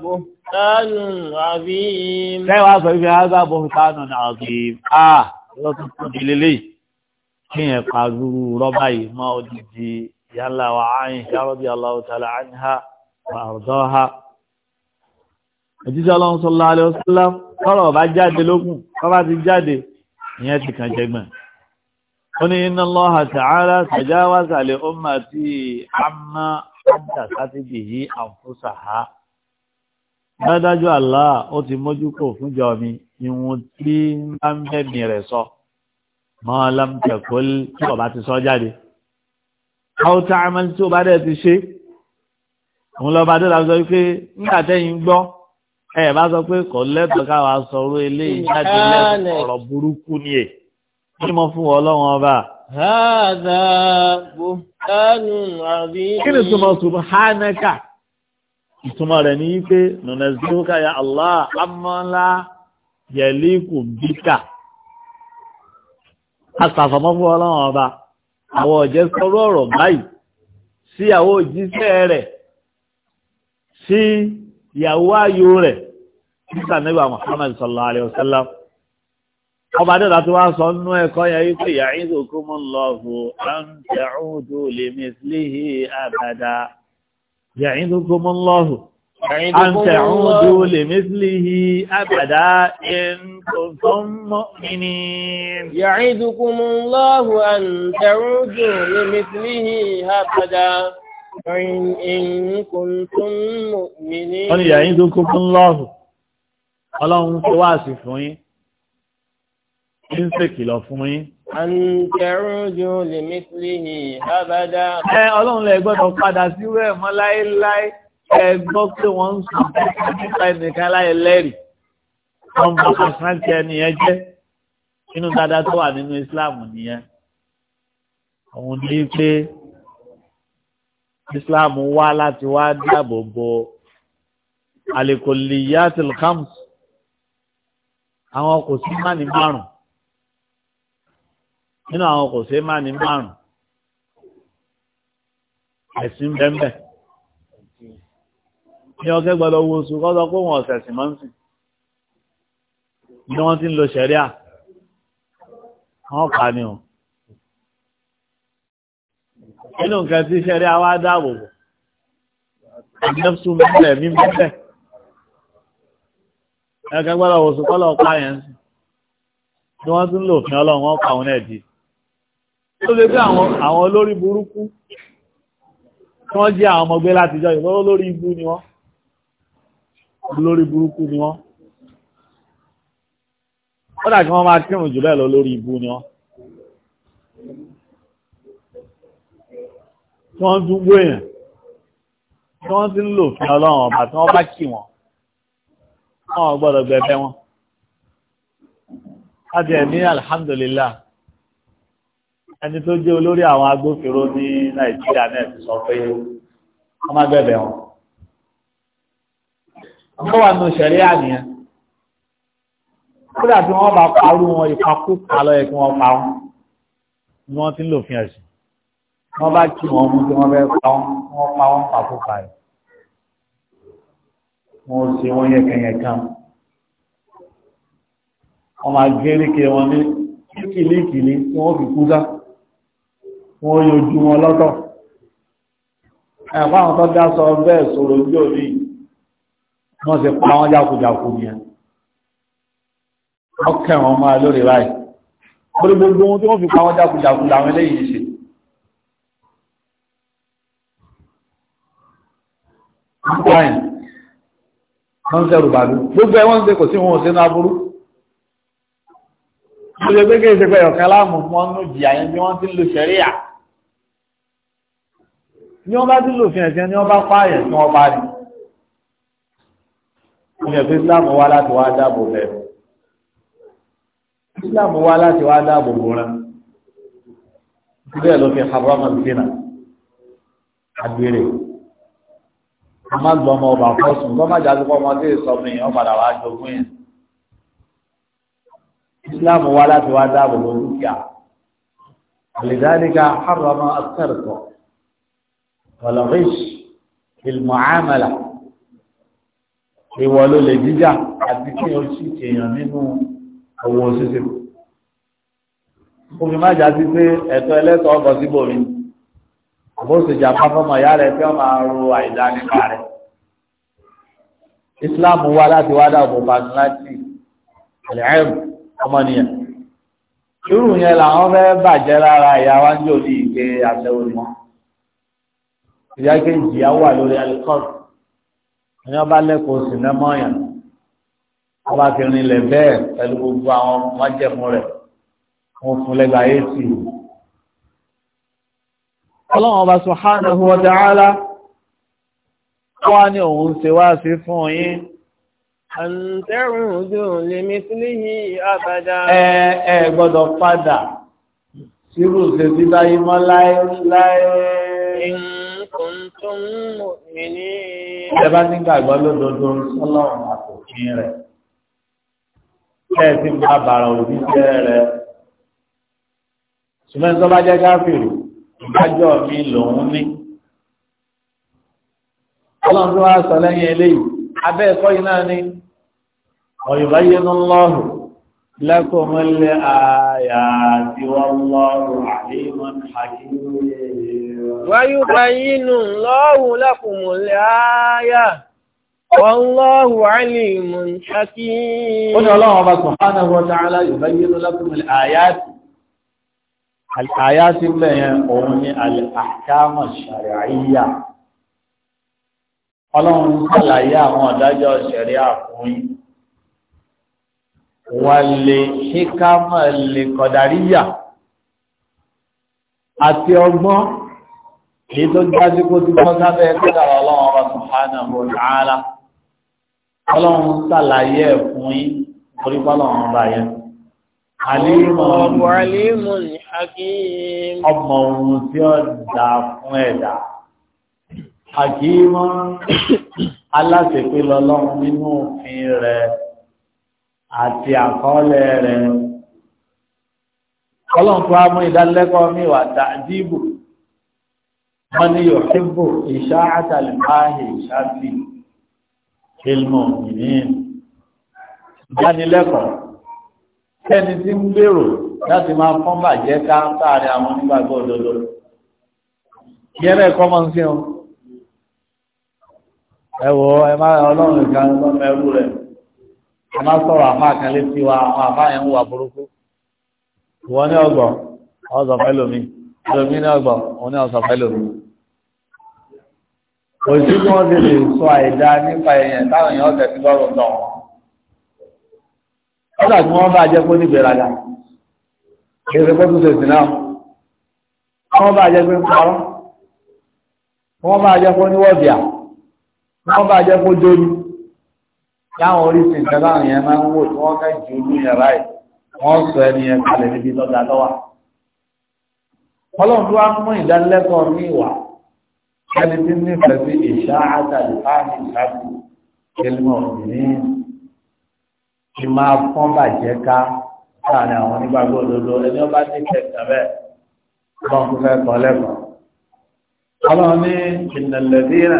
bùtánù àbí. sẹ́wàá sọ ibi ráàdà bùtánù àbí. ah lọ́tún tó di lélẹ́yìí kíyàn pàgùrù rọ́bà yìí mọ́ odidi yálà wa Aisha radiyallahu ta'ala anha wa ardaha. òjíṣẹ́ ọlọ́run sallallahu alaihi wasallam tọ́rọ̀ ọba jáde lókun tọ́ba ti jáde ìyẹn ti kàn jẹgbọ̀n. ó ní inna Allaha ta'ala tajawaza li ummati amma àǹtàkátì bìyí àǹfùsàhá. dájú Allah ó ti mójú kò fúnjọ mi ìwọ̀n tí ń bá ń bẹ̀mí rẹ̀ sọ. So mọ́ lámtẹ̀kọ́l tí ọba ti sọ jáde káwọ́tà àmàlí tí ọba dẹ̀ ti ṣe òun lọ́ba dẹ̀ làwọn sọ pé nígbà tẹ́yìn gbọ́ ẹ bá sọ pé kò lẹ́tọ̀ọ́ káwa sọ̀rọ̀ eléyìí jáde lẹ́tọ̀ọ́ ọ̀rọ̀ burúkú ni ẹ̀ kí mo fún ọlọ́run ọba. Hàdà bùhánù àbí. Kí ni túmọ̀ subhanaka? Ìtumọ̀ rẹ̀ ní pé Nùnàzíríkà ya Allah, Amọ́lá, Yẹ̀líkù, Bíkà asàfàmọ́ fún ọlọ́run ọba àwọn ọ̀jẹ́ sọ̀rọ̀ ọ̀rọ̀ báyìí sí àwọn òjíṣẹ́ rẹ̀ sí ìyàwó ayò rẹ̀ nígbà nígbà Muhammad sallallahu alayhi wa sallam ọba dẹ́dà tí wọ́n sọ nínú ẹ̀kọ́ yẹn wípé ya'idukumullahu an ta'udu li mislihi abada ya'idukumullahu àǹtẹ̀ ọ̀dọ́ lè mẹ́sìlìhì àbàdá ẹ̀ntọ̀tọ̀n mọ́mìnì. Ya'idukumu Allahu an ta'udu li mithlihi abada in kuntum mu'minin. Wọ́n ni ya'idukumu Allahu, ọlọ́run tó wà sí fún yín, ń ṣe kìlọ̀ fún yín. An ta'udu li mithlihi abada. Ẹ ọlọ́run lẹ gbọ́dọ̀ padà sí wẹ́ẹ̀ mọ́ láéláé ẹ gbọ́ pé wọ́n ń sùn nípa ẹnìkan láyé lẹ́rìí wọ́n ń bá pàṣẹ́ntì ẹnìyẹn jẹ́ inú dáadáa tó wà nínú Islam nìyẹn òun ní pé Islam wá láti wá dáàbò bo alikoliyatil khams àwọn kò sí mánì márùn nínú àwọn kò sí mánì márùn ẹ̀sìn bẹ́ẹ̀ bẹ́ẹ̀ ní ọkẹ́ gbọ́dọ̀ wo oṣù kọ́sọ pé wọ́n ọ̀sẹ̀ sì máa ń sìn ní wọ́n ti ń lo ṣẹ̀ríà wọ́n kà ní o inú nǹkan tí ṣẹ̀ríà wá dáàbò bò ẹ̀mẹ́sùn mẹ́lẹ̀ mí mẹ́lẹ̀ ẹ̀kẹ́ gbọ́dọ̀ wo oṣù kọ́lọ̀ pa yẹn sìn ní wọ́n ti ń lò fún ọlọ́run wọ́n pa àwọn olórí burúkú wọ́n jẹ́ àwọn ọmọ gbé látijọ́ ìgbọ́ olórí ibú ni wọ́n olórí burúkú ni wọ́n kódà kí wọ́n máa kírun jù bẹ́ẹ̀ lọ lórí ibu ni wọ́n tí wọ́n tún gbó èèyàn tí wọ́n ti ń lò fún ọlọ́run ọba tí wọ́n bá kì wọ́n wọ́n gbọ́dọ̀ gbẹ̀bẹ̀ wọn láti ẹ̀mí alhamdulillah ẹni tó jẹ́ olórí àwọn agbófinró ní nàìjíríà náà ti sọ pé wọ́n má gbẹ̀bẹ̀ wọn àmọ́ wà nù sẹ̀ríà nìyẹn kódà tí wọ́n bá parú wọn ìpakú palọ́ yẹ kí wọ́n pa wọn ni wọ́n ti ń lò fi ẹ̀sìn wọ́n bá kí wọn mú tí wọ́n fẹ́ pa wọn wọ́n pa wọn pàkó pààyè wọ́n ṣe wọ́n yẹ̀kẹ̀yẹ̀kan wọ́n máa gé lékè wọn ní kíkìlíkìlí tí wọ́n fi kú sá wọ́n yọjú wọn lọ́tọ̀ ẹ̀fọ́ àwọn tó dá sọ bẹ́ẹ̀ sọ̀rọ̀ ojú òní yìí wọ́n ti pa wọ́n jákujàku ni ẹ ọkẹ́ wọn máa lórí báyìí orí gbogbo ohun tí wọ́n fi pa wọ́n jákujàku làwọn eléyìí ṣe wọ́n ń sẹ́rù bàbí gbogbo ẹ̀ wọ́n ń ṣe kò sí wọn ò sínú aburú ó lè gbé kéèṣe pé ọ̀kan láàmú wọn ń jìyà yẹn bí wọ́n ti ń lo ṣẹ̀ríà ni wọ́n bá ti lòfin ẹ̀sìn ni wọ́n bá pààyàn tí wọ́n bá rí ní ẹ̀fẹ́ islam wá láti wá dáàbò rẹ̀ islam wá láti wá dáàbò rẹ̀ sílẹ̀ ló fi haram al-zina agbèrè a má gbọ́ ọmọ ọba fọ́sùn kọ́ má jáde pọ́ ọmọdé sọmi ọ̀padà wá jogún yẹn islam wá láti wá dáàbò rẹ̀ dúkìá àlìdáníkà haram al-sẹ́rẹ̀kọ̀ wal-ghish ìwọ̀ ló lè jíjà àti kí o sì kèèyàn nínú owó ṣíṣe omi má jà sí pé ẹ̀tọ́ ẹlẹ́tọ̀ ọkọ̀ síbò mi àbóṣèjà pápọ́mọ̀ ìyá rẹ̀ fẹ́ máa ro àìdá nípa rẹ̀ Islam wá láti wá dáàbò personality ẹ̀lẹ́m ọmọnìyàn irú yẹn làwọn fẹ́ bàjẹ́ lára ìyá wa ń ìgbé àtẹ̀wò ni ìyá kejì á wà lórí alikọ́ọ̀tù ẹni ọba lẹ́kọ̀ọ́ sí nẹ́mọ́yàn ọba ti rinlẹ̀ bẹ́ẹ̀ pẹ̀lú gbogbo àwọn májẹ̀mú rẹ̀ wọn fún lẹ́gbà éèsì. ọlọ́run ọba subhanahu wa ta'ala wá ní òun ṣe wá sí fún yín. àǹtẹ̀rùn ojú lè mi sílé àbàdà. ẹ ẹ gbọ́dọ̀ padà sírù ṣe sí báyìí mọ́ láéláé. in kuntum mu'minin. ẹ bá ní gbàgbọ́ lódodo sọ́lọ́run àtòfin rẹ̀ kẹ́ẹ̀sì máa bàrà òbí jẹ́ rẹ̀ ṣùgbọ́n tó bá jẹ́ káfíìrì ìdájọ́ mi lòun ní. ọlọ́run tó wá sọ lẹ́yìn eléyìí abẹ́ ẹ̀kọ́ yìí náà ni ọ̀yùnbá لكم الآيات والله عليم حكيم ويبين الله لكم الآيات والله عليم حكيم قل الله سبحانه وتعالى يبين لكم الآيات الآيات اللي هم الأحكام الشرعية ọlọ́run sàlàyé àwọn ọ̀dájọ́ ṣẹ̀ríà fún wàlè ṣíkámà lè kọ̀dàríyà àti ọgbọ́n èyí tó dájú kó ti kọ́ sábẹ́ kádàrá ọlọ́run ọba subhanahu wa ta'ala ọlọ́run ṣàlàyé ẹ̀ fún yín torí bọ́lọ́run ọba yẹn. Ọmọ ohun tí ó dà fún ẹ̀dá. Àkíyí mọ́ aláṣepé lọ́lọ́run nínú òfin rẹ̀. àti àkọọ́lẹ̀ rẹ̀ kọlọ́nkọ́ amú ìdánilẹ́kọ̀ọ́ mi wà tàdíbù wọ́n ní yòókìbù ìṣá àtàlùmáàhì ìṣáfi ilmù ìníyìn ìdánilẹ́kọ̀ọ́ kẹ́ni ti ń gbèrò láti máa fọ́n bàjẹ́ ká sáàrin àwọn onígbàgbọ́ òdodo yẹ́rẹ́ kọ́mọ sí wọn ẹ wọ ẹ ọlọ́run lọ́mọ ẹrú rẹ̀ a máa sọ̀rọ̀ àfa kan létí wa àwọn àfa yẹn ń wà burúkú ìwọ ní ọgbọ̀n ọ̀sán fẹ́ lómi lómi ní ọgbọ̀n òun ní ọ̀sán fẹ́ lómi. kò sí wọ́n ti lè sọ àìdá nípa èèyàn táwọn èèyàn ọ̀sẹ̀ ti gbọ́rọ̀ tọ̀ wọ́n. ó dàbí wọ́n bá jẹ́ kó ní ìgbéraga kó tún ṣe sí náà wọ́n bá jẹ́ pé ń parọ́ wọ́n bá jẹ́ kó níwọ̀bìà wọ́n bá jẹ́ kó dóni táwọn oríṣi nǹkan láwọn yẹn máa ń wò tí wọ́n fẹ́ ju ojú yẹn ráì wọ́n sọ ẹni yẹn kalẹ̀ níbi lọ́dà lọ́wà. ọlọ́run tó wá mú ìdánilẹ́kọ̀ọ́ ní ìwà ẹni tí nífẹ̀ẹ́ sí ìṣá àtàlù fáàmì ìṣáàbù kẹlímọ̀ obìnrin ti máa fọ́n bàjẹ́ ká láàrin àwọn onígbàgbọ́ òdodo ẹni ọba nífẹ̀ẹ́ tẹ̀lẹ̀ ọlọ́run tó fẹ́ kọ́ lẹ́kọ̀ọ́ ọlọ́run ní ìnàlẹ́dínà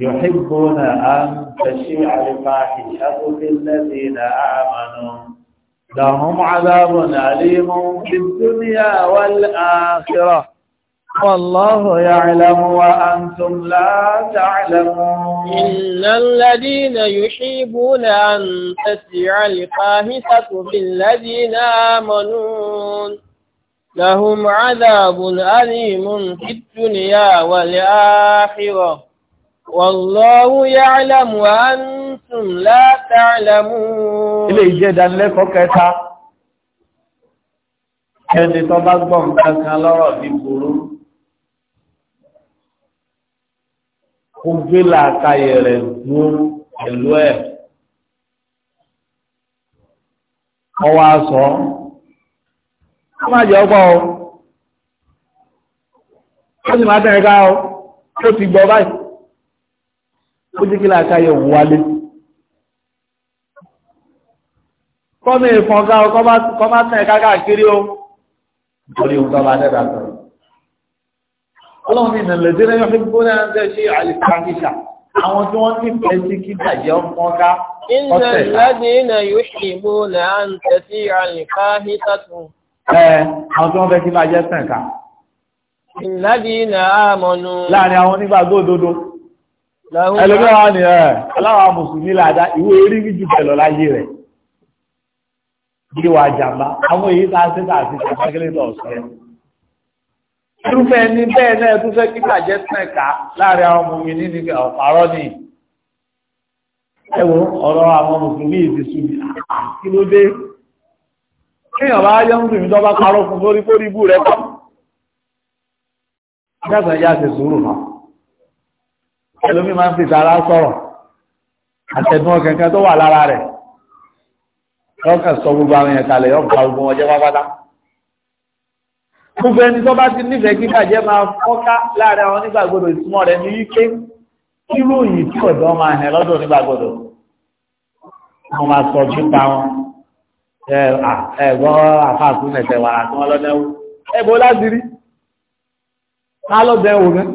يحبون أن تشيع الفاحشة في الذين آمنوا لهم عذاب أليم في الدنيا والآخرة والله يعلم وأنتم لا تعلمون إن الذين يحبون أن تشيع الفاحشة في الذين آمنوا لهم عذاب أليم في الدنيا والآخرة Wallahu ya'lamu wa antum la ta'lamun. Ilé ìjẹ́ ìdánilẹ́kọ̀ọ́ kẹta. Ẹni tó bá gbọ́ nǹkan kan lọ́rọ̀ ní burú. Kò gbé làákàyè rẹ̀ mú pẹ̀lú ẹ̀. Ọwọ́ aṣọ. Ó máa jẹ́ ọgbọ́n o. Ó sì máa tẹ̀ka o. Ó ti gbọ́ báyìí ó jẹ́ kí láàkáyọ̀ wálé kọ́mí ìfọ̀nká kọ́má tẹ̀ káàkiri o lórí ohun tọ́ba dẹ́dà sọ̀rọ̀ ọlọ́run ní ìnàlẹ̀ tí lẹ́yìn fún gbóná ń tẹ́ ṣe àlìkàkíṣà àwọn tí wọ́n nífẹ̀ẹ́ sí kí bàjẹ́ ọmọká ọ̀sẹ̀ ìlàdínà yóò ṣe ìgbóná ń tẹ́ sí àlìkàkíṣà tún àwọn tí wọ́n fẹ́ kí bàjẹ́ sẹ̀ka ìlàdínà àmọ́nù láàrin àwọn onígbàgbọ́ òdodo ẹlòmíràn ni ẹ eh, aláwọ̀ mùsùlùmí làdá ìwé orí jù bẹ̀lọ láyé rẹ̀ bí wà jàmbá àwọn èyí tá a ṣe tá a ṣe ṣe ṣẹ́kẹ́lẹ́ tó ọ̀sẹ̀ irúfẹ́ ní bẹ́ẹ̀ náà tó fẹ́ kíkà jẹ́ tẹ̀ka láàrin àwọn ọmọ mi nínú ọ̀pàrọ̀ ni ẹ wo ọ̀rọ̀ àwọn mùsùlùmí ti sùn ní ah, kí ló dé kéèyàn bá yọ ń sùn tó bá parọ́ fún lórí kórìbù rẹ̀ pọ̀. Ìjọba ẹlòmí máa ń fi tara sọ̀rọ̀ àtẹ̀dùn ọkàn kan tó wà lára rẹ̀ lọ́kàn sọ gbogbo àwọn èèyàn kalẹ̀ yọ gba gbogbo wọn jẹ́ pápátá gbogbo ẹni tó bá ti nífẹ̀ẹ́ kíkàjẹ́ máa fọ́ká láàrin àwọn nígbàgbọ́dọ̀ ìtumọ̀ rẹ̀ ní wípé kíròyìn tí ọ̀dọ́ máa hẹ̀ lọ́dọ̀ nígbàgbọ́dọ̀ wọn máa sọ pípa wọn ẹ̀gbọ́n àfáàkú mẹ̀tẹ̀ wàrà tí wọ́n lọ́dẹ́wò ẹ̀bọ́ láti rí ká lọ́dẹ́wò náà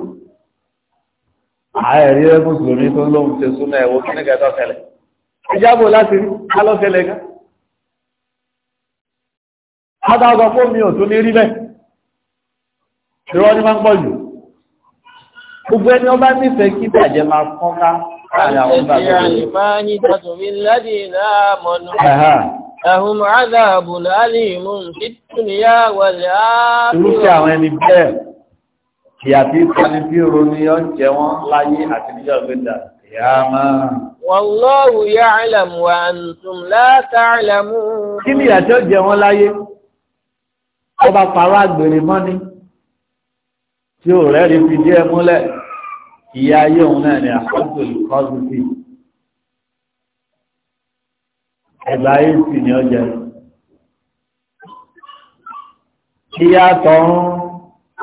ààrẹ rí rẹ mùsùlùmí tó lóun ṣe súnà ẹ̀wọ̀ kí nìkan tó ṣẹlẹ̀ ìjábọ̀ láti rí ká lọ ṣẹlẹ̀ gan. Adá ọgbà fún mi ò tún ní rí bẹ́ẹ̀. Ìrọ́ ni máa ń pọ̀ jù. Gbogbo ẹni ọba nífẹ̀ẹ́ kí bàjẹ́ máa kán ká láàrin àwọn bàbá rẹ̀. Ẹ̀hùn àdàbùn láàrin ìmú ìdúnìyà wà láàrin. Irúfẹ́ àwọn ẹni bẹ́ẹ̀ ìyàtí ìpàdé tí ó ní ọjẹ́ wọn láyé àti níjọ́ gbẹ́dà ìyá máa. Wallahu ya'lamu wa antum la ta'lamun. Kí ni ìyàtí ọjẹ́ wọn láyé? Ọba pàrọ̀ àgbèrè mọ́ni tí ó rẹ́rí fi díẹ̀ múlẹ̀. Ìyá ayé òun náà ni àkọ́jù olùkọ́jú sí. Ẹ̀gbà ayé sì ni ọjẹ́. Ìyá tọ̀run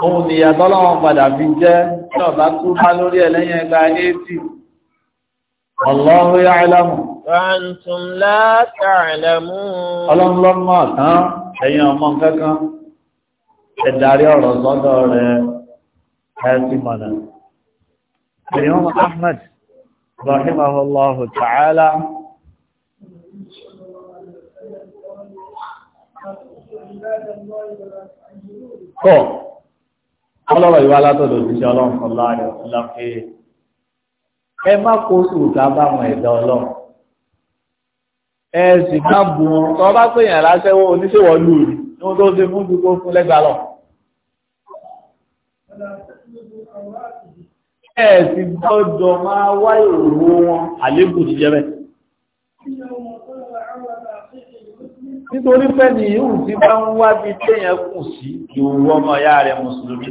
òun ni ìyàtọ̀ lọ́wọ́n padà fi jẹ́ tí ọ̀bá tó bá lórí ẹlẹ́yìn ẹgbà 80 Allahu ya'lamu wa antum la ta'lamun ọlọ́run lọ́mọ̀ kan ẹ̀yìn ọmọ kankan ẹ̀dàrí ọ̀rọ̀ sọ́dọ̀ rẹ̀ ẹ̀sìn mọ̀nà Imam Ahmad rahimahullahu ta'ala Kọ́ ọlọ́rọ̀ ìwà látọ̀dọ̀ òṣìṣẹ́ ọlọ́run sọlá rẹ̀ ọ̀la pé ẹ má kó sùúrùtà báwọn ẹ̀dá ọlọ́run ẹ sì má bù wọn tọ́ bá pè yàn láṣẹ́wọ́ oníṣẹ́wọ́ lù rí ní ohun tó ṣe fún dúró fún lẹ́gbàá lọ. ẹ sì gbọ́dọ̀ máa wá ìrò wọn àléébù ti jẹ́ bẹ́ẹ̀. nítorí pé ni ìhùn tí bá ń wá bíi téèyàn kù sí ìwọ ọmọ ìyá rẹ̀ mùsùlùmí.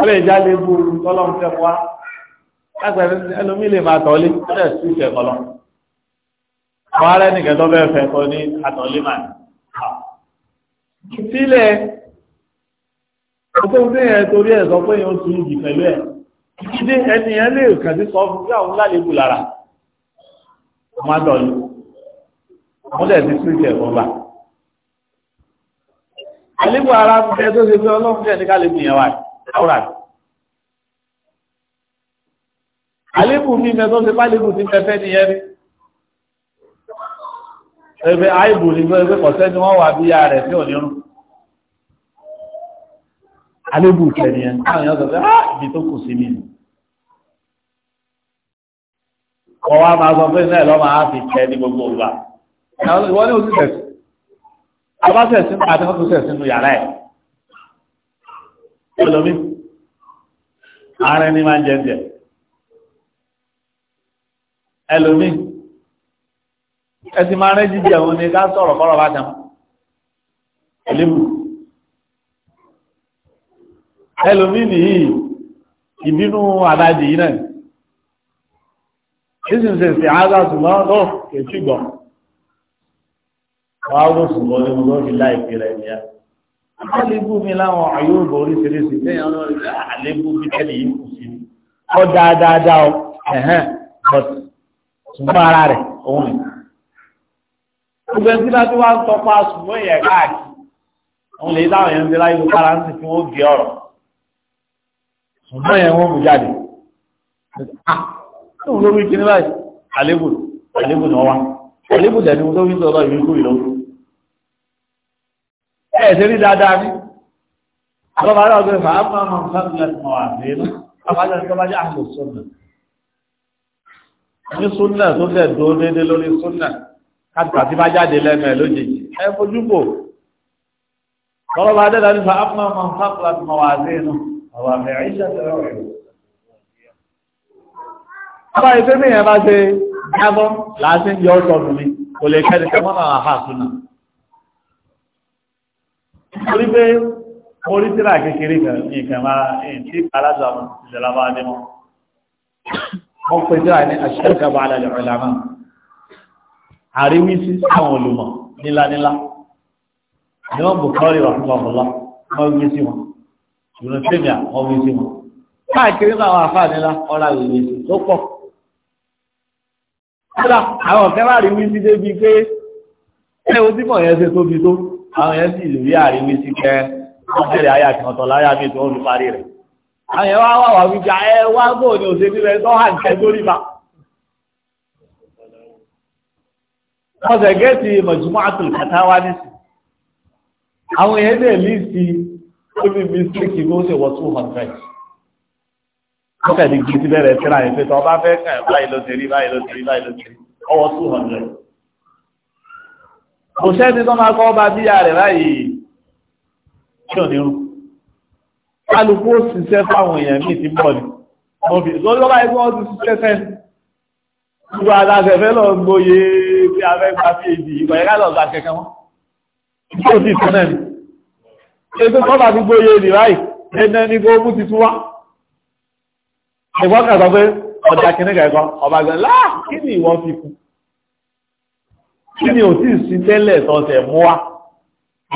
ọlọ́ ìjà lè bu olú tọ́lọ́ ń fẹ́ wá lágbàdo ẹlòmíì lè máa tọ́lé ọlọ́ ẹ̀sùn ìṣẹ̀ kọ́lọ́ àwọn ará ẹnìkan tó bẹ́ẹ̀ fẹ́ kọ́ ní àtọ́lé mà ní. sílẹ̀ ọ̀tọ́ ní ẹ̀ torí ẹ̀ sọ pé yóò tún ìdì pẹ̀lú ẹ̀ ìdí ẹnìyàn lè kàn sí sọ fún bí àwọn lálébù lára má tọ́lé wọ́n dẹ̀ ti sún ìṣẹ̀ kọ́lá àlébù ara ń bẹ tó ṣe fẹ́ ọlọ́run jẹ́ ní kálébù yẹn wáyé àwòrán. àlékù mi mẹ tó ṣe pálíkù ti fẹ́fẹ́ nìyẹn rí. ẹgbẹ́ àìbù ni fún ẹgbẹ́ kọ̀sẹ́ ni wọ́n wà bí ya rẹ̀ sí òní rún. àlékù ìfẹ́ nìyẹn káwọn èèyàn sọ pé ah ibi tó kù sí mi nù. wọ́n wá máa sọ pé náà lọ́ máa fi kẹ́ ní gbogbo ìgbà. ìwọ́n ní oṣù tẹ̀sí. abáṣẹ̀ sínú àti wọ́n tún tẹ̀sí nù yàrá ẹ̀ ẹlòmí ààrẹ ní máa ń jẹ díẹ̀ ẹlòmí ẹsìn máa rẹ jíjẹ òun ni ká sọ̀rọ̀ kọ́rọ̀ bá tẹ̀wọ̀n ẹlẹ́mù ẹlòmí nìyí ìbínú àdájì yìí náà ìsìnsìnsìn àádọ́ ṣùgbọ́n tó kèéfì gbọ́ wọ́n á wọ́n ṣùgbọ́n ní mo lọ́ fi láì fi rẹ̀ nìyẹn alébù mi láwọn àyò bò oríṣiríṣi lẹ́yìn ọlọ́rin alébù mi tẹ́lẹ̀ yìí kù sí ọ dáadáa ọ ẹ̀hẹ́n but ṣùgbọ́n ara rẹ̀ òun ni. gbogbo ẹni tí bá tí wá ń tọpa ṣùgbọ́n ìyẹn káàkiri òun lè dáhùn yẹn ń bẹ láyé lókàrà ń sì fún ó gé ọ̀rọ̀ yẹn wọ́n mú jáde ah lórí kí báyìí alébù alébù ni wá alébù dẹ̀ ni tó fi ń sọ̀rọ̀ ìwé kúrì lọ́wọ́ ẹ̀ ṣe rí dáadáa ní àwọn ará ọgbẹ́ fà á máa máa fàmílẹ̀ mọ̀ àmìlú àbájá tó bá jẹ́ àmì súnà ní súnà tó lẹ̀ dó dédé lórí súnà kàtà tí bá jáde lẹ́nu ẹ̀ lójijì ẹ fojú bò lọ́wọ́ bá dẹ́dà ní fà á máa máa fàmílẹ̀ mọ̀ àmìlú ṣe jábọ́ làásìn yọ ọ́ sọ̀rọ̀ mi, kò lè kẹ́ni torí pé orí tíra kékeré kan ní ìkàmá tí alájọ àwọn ìṣẹ̀lá bá dé mọ́ wọ́n pè tíra ní àṣẹ́kà bá alẹ́ ìrìnlàmà àríwísí sáwọn olùmọ̀ nílanílá ni wọ́n Bukhari rahimahullah wọ́n gbé sí wọn ìrùn tèmíà wọ́n gbé sí wọn káàkiri àwọn àfáà nílá ọ̀rá ìwé sí tó pọ̀ kódà àwọn ọ̀kẹ́ bá wí sí débi pé ẹ o yẹn ṣe tóbi tó àwọn yẹn sì lórí àríwí sí kẹ́ wọ́n bẹ̀rẹ̀ ayé àti ọ̀tọ̀ láyé tó ń parí rẹ̀. àwọn wá wà wá wíjà ẹ wá bò ní òṣèlú rẹ̀ tó hàn kẹ́ ma. wọ́n sẹ̀ mọ̀júmọ́ àtùn kàtà wá nísì. àwọn yẹn dẹ̀ lì sí olú mi sí kí ló ṣe wọ two hundred. kò sẹ́ni tó máa kọ́ bá bíyà rẹ̀ báyìí tí ò ní rú kálukú ó ṣiṣẹ́ fáwọn èèyàn míì ti bọ̀ ni mo fi tó lọ́ba ẹgbẹ́ wọn ti ṣiṣẹ́ fẹ́ gbogbo aláṣẹ fẹ́ lọ gbóyè pé abẹ́ gba phd ìgbà yẹn ká lọ gba kẹ̀kẹ́ wọn tí ò sì tún náà ni ètò tó bá ti gbóyè ni báyìí ẹnẹ ni kó mú ti tún wá ẹ̀gbọ́n kan sọ pé ọjà kìnnìkan ẹ̀kọ́ ọba láà kí ni ìwọ fi kú kí ni ò tí ì sí tẹ́lẹ̀ tọ́sẹ̀ mú wá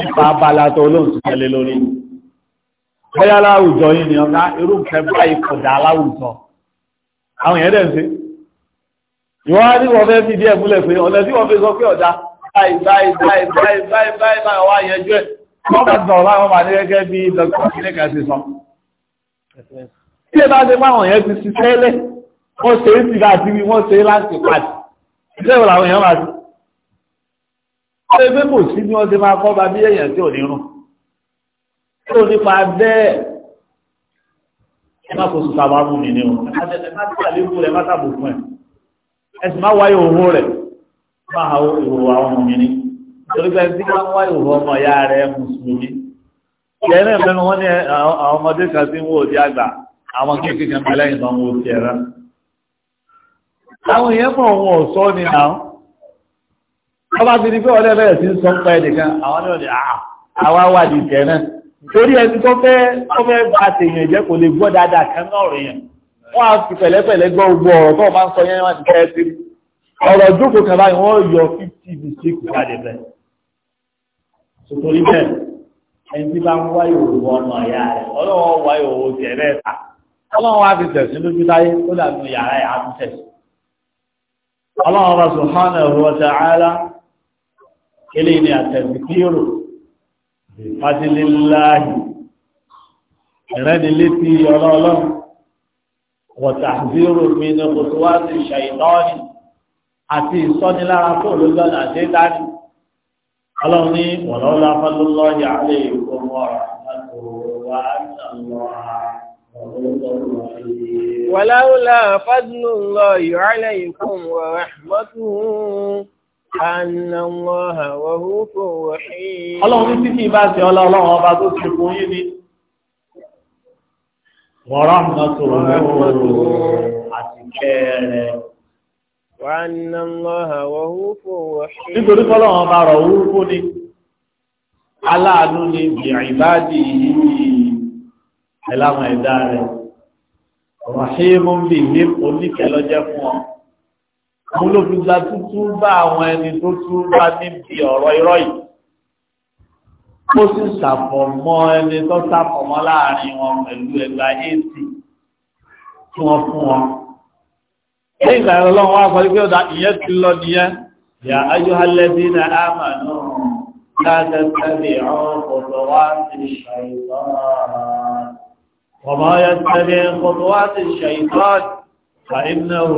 nípa abala tó olóhùn sí tẹ́lẹ̀ lórí bóyá láwùjọ yìí ni ọ̀gá irú nǹkan báyìí kò dá láwùjọ àwọn èèyàn dẹ̀ ń ṣe ìwọ́n á ní wọ́n fẹ́ fi díẹ̀ múlẹ̀ pé ọ̀nà tí wọ́n fi sọ pé ọ̀dá báyìí báyìí báyìí báyìí báyìí báyìí báyìí wá yẹjú ẹ̀ wọ́n bá sọ̀rọ̀ láwọn máa ní gẹ́gẹ́ bí dr Ṣé pé kò sí ní ọdún máa kọ́ bá bí èèyàn tí ò ní rùn? Tí ò nípa bẹ́ẹ̀, ẹ má kò sùtà wá rùn mí ní o. Ẹ má tí àlékù rẹ̀ má tàbò fún ẹ̀. Ẹ sì má wáyé òhun rẹ̀, má ha ìwòrò àwọn ọmọ mi ní. Torí pé tí wọ́n wáyé òhun ọmọ ìyá rẹ̀ mùsùlùmí. Ìyẹn náà mẹ́nu wọ́n ní àwọn ọmọdé kan tí ń wò di àgbà, àwọn kéékèèké kan lẹ́yìn tó ń wò ti ẹ̀rọ. Àwọn èèyàn mọ̀ wọn ò ni náà ọba ti ní pé ọlẹ́ bẹ̀rẹ̀ sí sọ pẹ́ nìkan àwọn ní ọdẹ ah, ah, àwa wà ní ìtẹ́ náà torí ẹni tó fẹ́ tó fẹ́ bá tèèyàn jẹ́ kò lè gbọ́ dáadáa kan náà rẹ̀ yẹn wọ́n á fi pẹ̀lẹ́pẹ̀lẹ́ gbọ́ gbogbo ọ̀rọ̀ tó máa ń sọ yẹn wọ́n ti kẹ́ sí ọ̀rọ̀ jókòó kan báyìí wọ́n yọ fifty mistake jáde bẹ́ẹ̀ sotori bẹ́ẹ̀ ẹni tí bá ń wáyé òwò ọmọ ìyá rẹ̀ ọlọ́wọ́ wáyé òwò tiẹ̀ bẹ́ẹ̀ ta ọlọ́wọ́ wá fi tẹ̀sí lójú láyé ó dàbí yàrá yàrá fi tẹ̀sí eléyìí ni àtẹ̀síkírò ìfàdíléláàyè ìrẹ́nilétí ọlọ́ọlọ́run wọ̀tàzírò mi ní kòtò àti ìsọ́nilára tó lójọ́ náà dé dání ọlọ́run ní wọ̀lọ́lá fọlọ́lọ́ọ̀yà àlẹ́ ìkọmọ ọ̀rọ̀ láti wà á ولولا فضل Ọlọ́run títí bá ṣe ọlọ́run ọba tó ti fún yí ni. Wọ́n rán mọ́tò àti kẹ́ẹ̀rẹ̀. Nítorí kọ́lọ́run ọba rọ̀ wúrúkú ni. Aláàánú ni bìrìbádì yìí ẹ̀láwọn ẹ̀dá rẹ̀. Rọ̀ṣẹ́ mú bí ní oníkẹ́ lọ́jẹ́ fún ọ. mo ló fi gba tútú bá àwọn ẹni tó tú bá níbi ọ̀rọ̀ irọ́ yìí ó sì ṣàfọ̀mọ́ ẹni tó ṣàfọ̀mọ́ láàrin wọn pẹ̀lú ẹgbà éèsì tí wọ́n fún wọn ní ìgbà ẹ̀rọ lọ́wọ́ wọn kọ́ pé ọ̀dà ìyẹn ti lọ nìyẹn yà ájú alẹ́bí na àmà náà láti tẹ̀lé àwọn wá sí ṣàìtọ́ ọmọ yẹn tẹ̀lé kòtò wá sí ṣàìtọ́ ọ̀dà. فإنه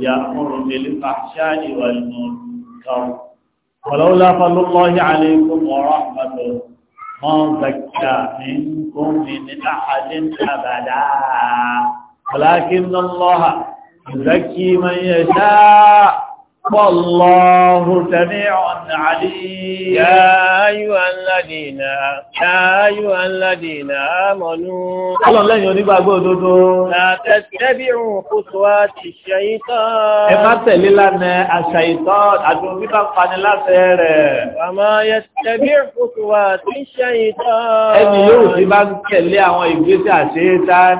يأمر بالفحشاء والمنكر ولولا فضل الله عليكم ورحمته ما زكى منكم من أحد أبدا ولكن الله يزكي من يشاء والله سميع عليم يا أيها الذين يا أيها الذين آمنوا الله لا يريد أقول لا تتبعوا خطوات الشيطان إما تللنا الشيطان أدون بك قد لا سير وما يتبع خطوات الشيطان إن يوسف بان تلي عن إبليس الشيطان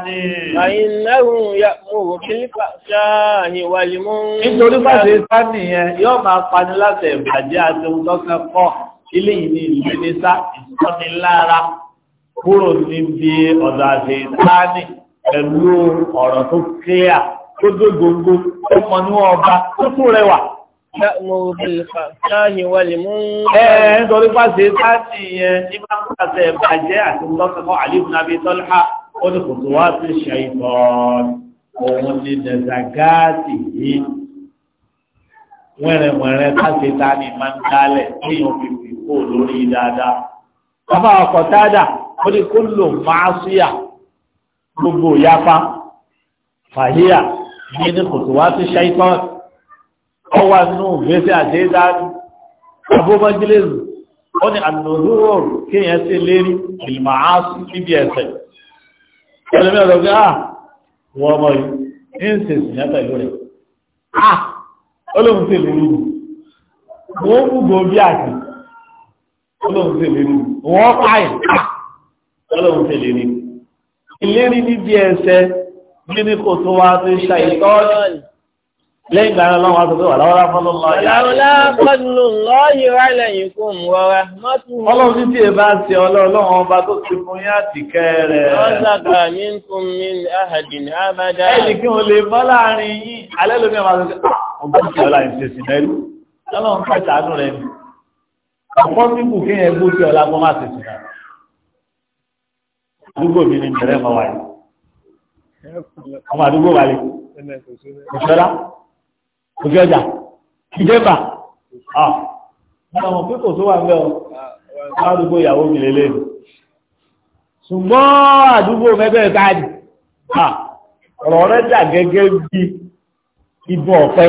فإنه يأمر بالفحشاء والمنكر إن يوسف yẹn yóò máa pani láti ìbàjẹ́ àti ohun tọ́sán kọ́ ilé yìí ní ìlú nísà ìsọ́nilára kúrò níbi ọ̀dọ̀ àti ìtaní pẹ̀lú ọ̀rọ̀ tó kíyà tó dé gbogbo tó mọ níwọ̀n ọba tó tún rẹwà. Ẹ ẹ nítorí pàṣẹ táàtì yẹn nígbà pàṣẹ ìbàjẹ́ àti ìtọ́sọ́kọ́ àlífún àbí tọ́lá ó ní kòtò wá sí ṣàìtọ́ òun ni dẹ̀sàgáàtì wẹ́rẹ̀wẹ̀rẹ̀ káṣe ta ni máa ń dálẹ̀ léèyàn fi fi kó lórí dáadáa. bàbá ọkọ̀ táàdà ó ní kó lò máa síyà gbogbo ìyapa fàyíyà ní ní kòtò wá sí ṣáìtàn ó wà nínú ìgbésẹ̀ àdédáàdì abúmọ́jílẹ̀zù ó ní àdùnnúrò kéèyàn sí lérí ìlmà áásù níbi ẹ̀sẹ̀ ẹlẹ́mìí ọ̀dọ́ ah wọ́n ọmọ yìí ń sèṣìn olóhùn sì lè nínú wọ́n gbogbo bí àti olóhùn sì lè nínú wọ́n pààyàn olóhùn sì lè nínú ìlérí níbi ẹsẹ̀ gíní kò tó wá tó ṣe ìtọ́jú lẹ́yìn ìgbà náà lọ́wọ́ àtúntò wàláwọ́lá fọlọ́lọ́ yìí. wàláwọ́lá fọlọ́ lọ́yìn rà lẹ́yìn fún wọ́rẹ́ mọ́tò. ọlọ́run tí ẹ bá ṣe ọlọ́run ọba tó ti fún yá àtìkẹ́ rẹ̀. ọ̀sàkà mi ń fún mi àhàdìn àbádá. ẹnì kí wọ́n lè bọ́ láàrin yìí alẹ́ lómi àwọn àtúntò ọgbọ́n tí ọlá ń ṣe sí mẹ́lú lọ́lọ́run fẹ́ sàánú rẹ̀ ni ọ̀pọ̀ pípù kí yẹn gbó tí ọlá gbọ́n má ṣe sí náà àdúgbò mi ni bẹ̀rẹ̀ mọ́ wáyé ọmọ àdúgbò wáyé òṣèlá òṣèlá ọjà ìjẹba ah ọmọ pípù tó wà ń bẹ ọ àdúgbò ìyàwó mi lélẹ̀ ṣùgbọ́n àdúgbò mẹ́bẹ̀ẹ́ báyìí ọ̀rọ̀ rẹ̀ dà gẹ́gẹ́ bí ibùn ọ̀fẹ́.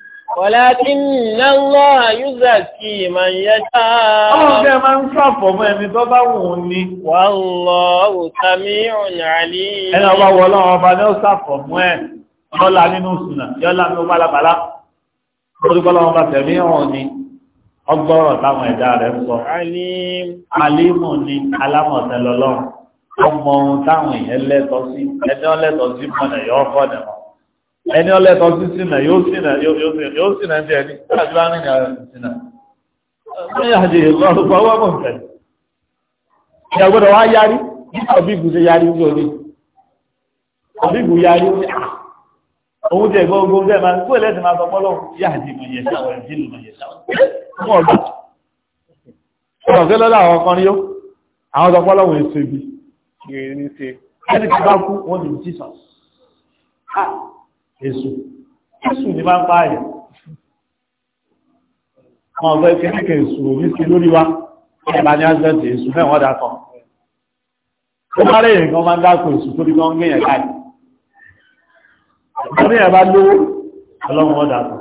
Ọ̀lákínà lọ́wọ́ yúzà kí ìmọ̀ yẹ táà. Ọmọ bẹ́ẹ̀ máa ń sàfọ̀ mọ́ ẹni tó bá wù ú ní. Wà lọ òtàmí ọ̀nà àlè. Ẹni ọba wọ lọ́wọ́ ọba ni ó sàfọ̀ mọ́ ẹ̀ yọ́lá nínú sùnà yọ́lá nínú bálabàlá. Orúkọ lọ́wọ́ bá tẹ̀mí ọ̀hún ni ọgbọ́rọ̀ táwọn ẹ̀dá rẹ̀ sọ. Àlímù ni alámọ̀tẹ́lọ́lọ́run. Ọmọ ohun táwọn èèyàn lẹ́tọ̀ọ́ sí, ẹni ẹni ọlẹ́tọ̀ sí sínà yóò sínà yóò sínà ń tẹ̀lé láti bá rìnrìn àrùn sínà wọ́n yà jẹ́ ìlú ọ̀pọ̀ ọwọ́ mọ̀ fẹ́ ìyá gbọ́dọ̀ wá yarí ọbí ìgùn ṣe yarí ń lórí ọbí ìgùn yarí ń òun jẹ gbogbo ń bẹ́ẹ̀ máa kó ẹlẹ́sìn máa sọpọ́ lọ́wọ́ yà jẹ́ mọ̀ yẹ̀ṣà wọ̀ ẹ̀jẹ̀ lù mọ̀ yẹ̀ṣà wọ́n ọ̀gbà ọ̀rọ̀ fẹ́ lọ́dọ̀ àwọn kan yó àwọn sọpọ́ lọ́wọ́ èso ibi ẹni tí bá kú wọ́n ti Jesus Èṣù. Èṣù ni máa ń pààyàn. Àwọn ọ̀gọ́ ìfẹ́ kẹ́kẹ́ Èṣù omi sí lórí wa, ẹ̀bà ní Azẹ́tì Èṣù mẹ́wọ́n dákọ̀. Ó bá rẹ̀ nǹkan máa ń dákọ̀ Èṣù tó rí kan gbìyàn káàkiri. Àwọn èèyàn bá lówó, ọlọ́run wọ́n dákọ̀.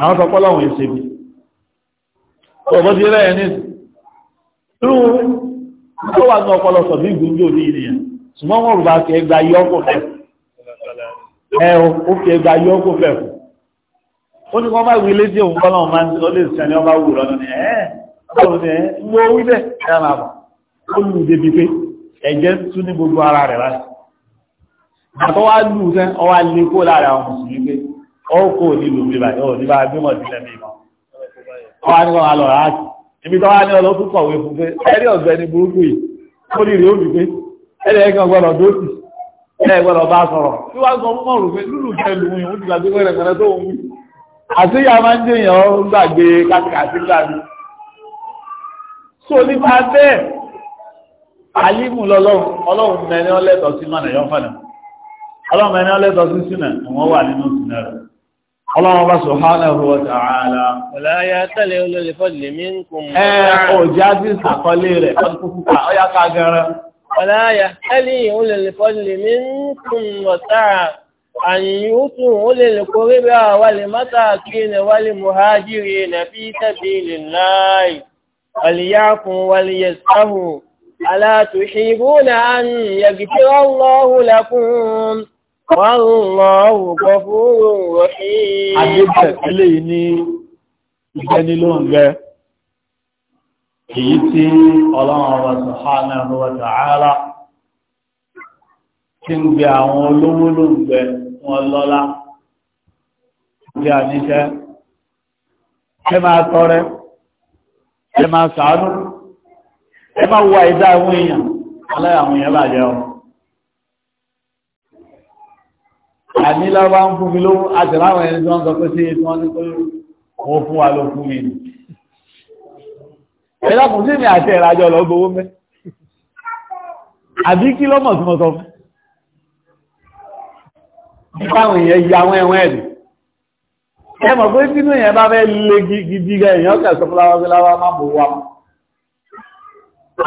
Àwọn sọ pọ́lọ́run èsè mi. Ọ̀bọ̀ ti rẹ̀ ní irú tó wà ní ọpọlọ sọ̀bí ìgbìmọ̀ ní ìrìyàn. Ṣùgbọ́n wọ́n rù bá kẹ́ gba iye ọkọ̀ náà ẹ o ó fi ẹgbà yọ kó fẹ kù ó ní wọn bá wí létí òun kọ́ náà máa ń sọ léèsì ẹni ọba wù lọ́nà ni ẹ ọ̀rọ̀ ni ẹ wo wí bẹ́ẹ̀ ẹ máa bọ̀ ó lù ú débi pé ẹ̀jẹ̀ tú ní gbogbo ara rẹ̀ láti àtọ́ wá lù ú sẹ́ ọ wá lé kó lára àwọn mùsùlùmí pé ọ kò ní lù mí báyìí ọ ní bá bímọ sílẹ̀ mi mọ́ ọ wá ní kọ́ máa lọ rà ibi tó ní ọlọ́tún kọ̀wé fún pé ẹ̀rí ọ̀gbẹ́ni burúkú yìí ó ní rí ẹ gbọ́dọ̀ bá sọ̀rọ̀ tí wọ́n sọ fún ọ̀rùn pé lúlù jẹ́ lùmí òun ti gbàgbé wẹ́rẹ̀ pẹ̀lẹ́ tó wù àti ìyá máa ń dèèyàn gbàgbé káàkiri gbàgbé so nípa bẹ́ẹ̀ alimu lọ́lọ́run ọlọ́run mẹ́ni ọlẹ́tọ̀ sí mọ́nà yọ fọ́nà ọlọ́run mẹ́ni ọlẹ́tọ̀ sí sínà wọ́n wà nínú sínà rẹ̀ ọlọ́run bá subhanahu wa ta'ala ọ̀láyà tẹ́lẹ̀ olólùfọ́ lèmi ń kún mọ́ ولا يحتلي أولي الفضل منكم وسعة أن يؤتوا أولي القربى والمساكين والمهاجرين في سبيل الله وليعفوا وليسعوا ألا تحبون أن يغفر الله لكم والله غفور رحيم èyí tí ọlọ́run wa subhanahu wa ta'ala tí ń gbé àwọn olówó ló ń gbẹ wọn lọ́lá bí a níṣẹ́ ẹ máa tọrẹ ẹ máa sàánú ẹ máa wà ìdá àwọn èèyàn aláì àwọn èèyàn bàjẹ́ ọ àní lọ́wọ́ ń fún mi lówó àtẹ̀láwọn ẹni tí wọ́n sọ pé sí ètò wọn ní pé wọ́n fún wa ló fún mi ẹ̀dá kùn sí mi àti ìrajọ lọ gbowó mẹ́ àbí kí lọ́mọ̀ tí mo sọ fún nípa àwọn èèyàn ya àwọn ẹ̀wọ̀n ẹ̀dì ẹ mọ̀ pé sínú èèyàn bá fẹ́ lé gidi gan èèyàn kẹ̀ sọ fúláwá fúláwá má bò wá mọ́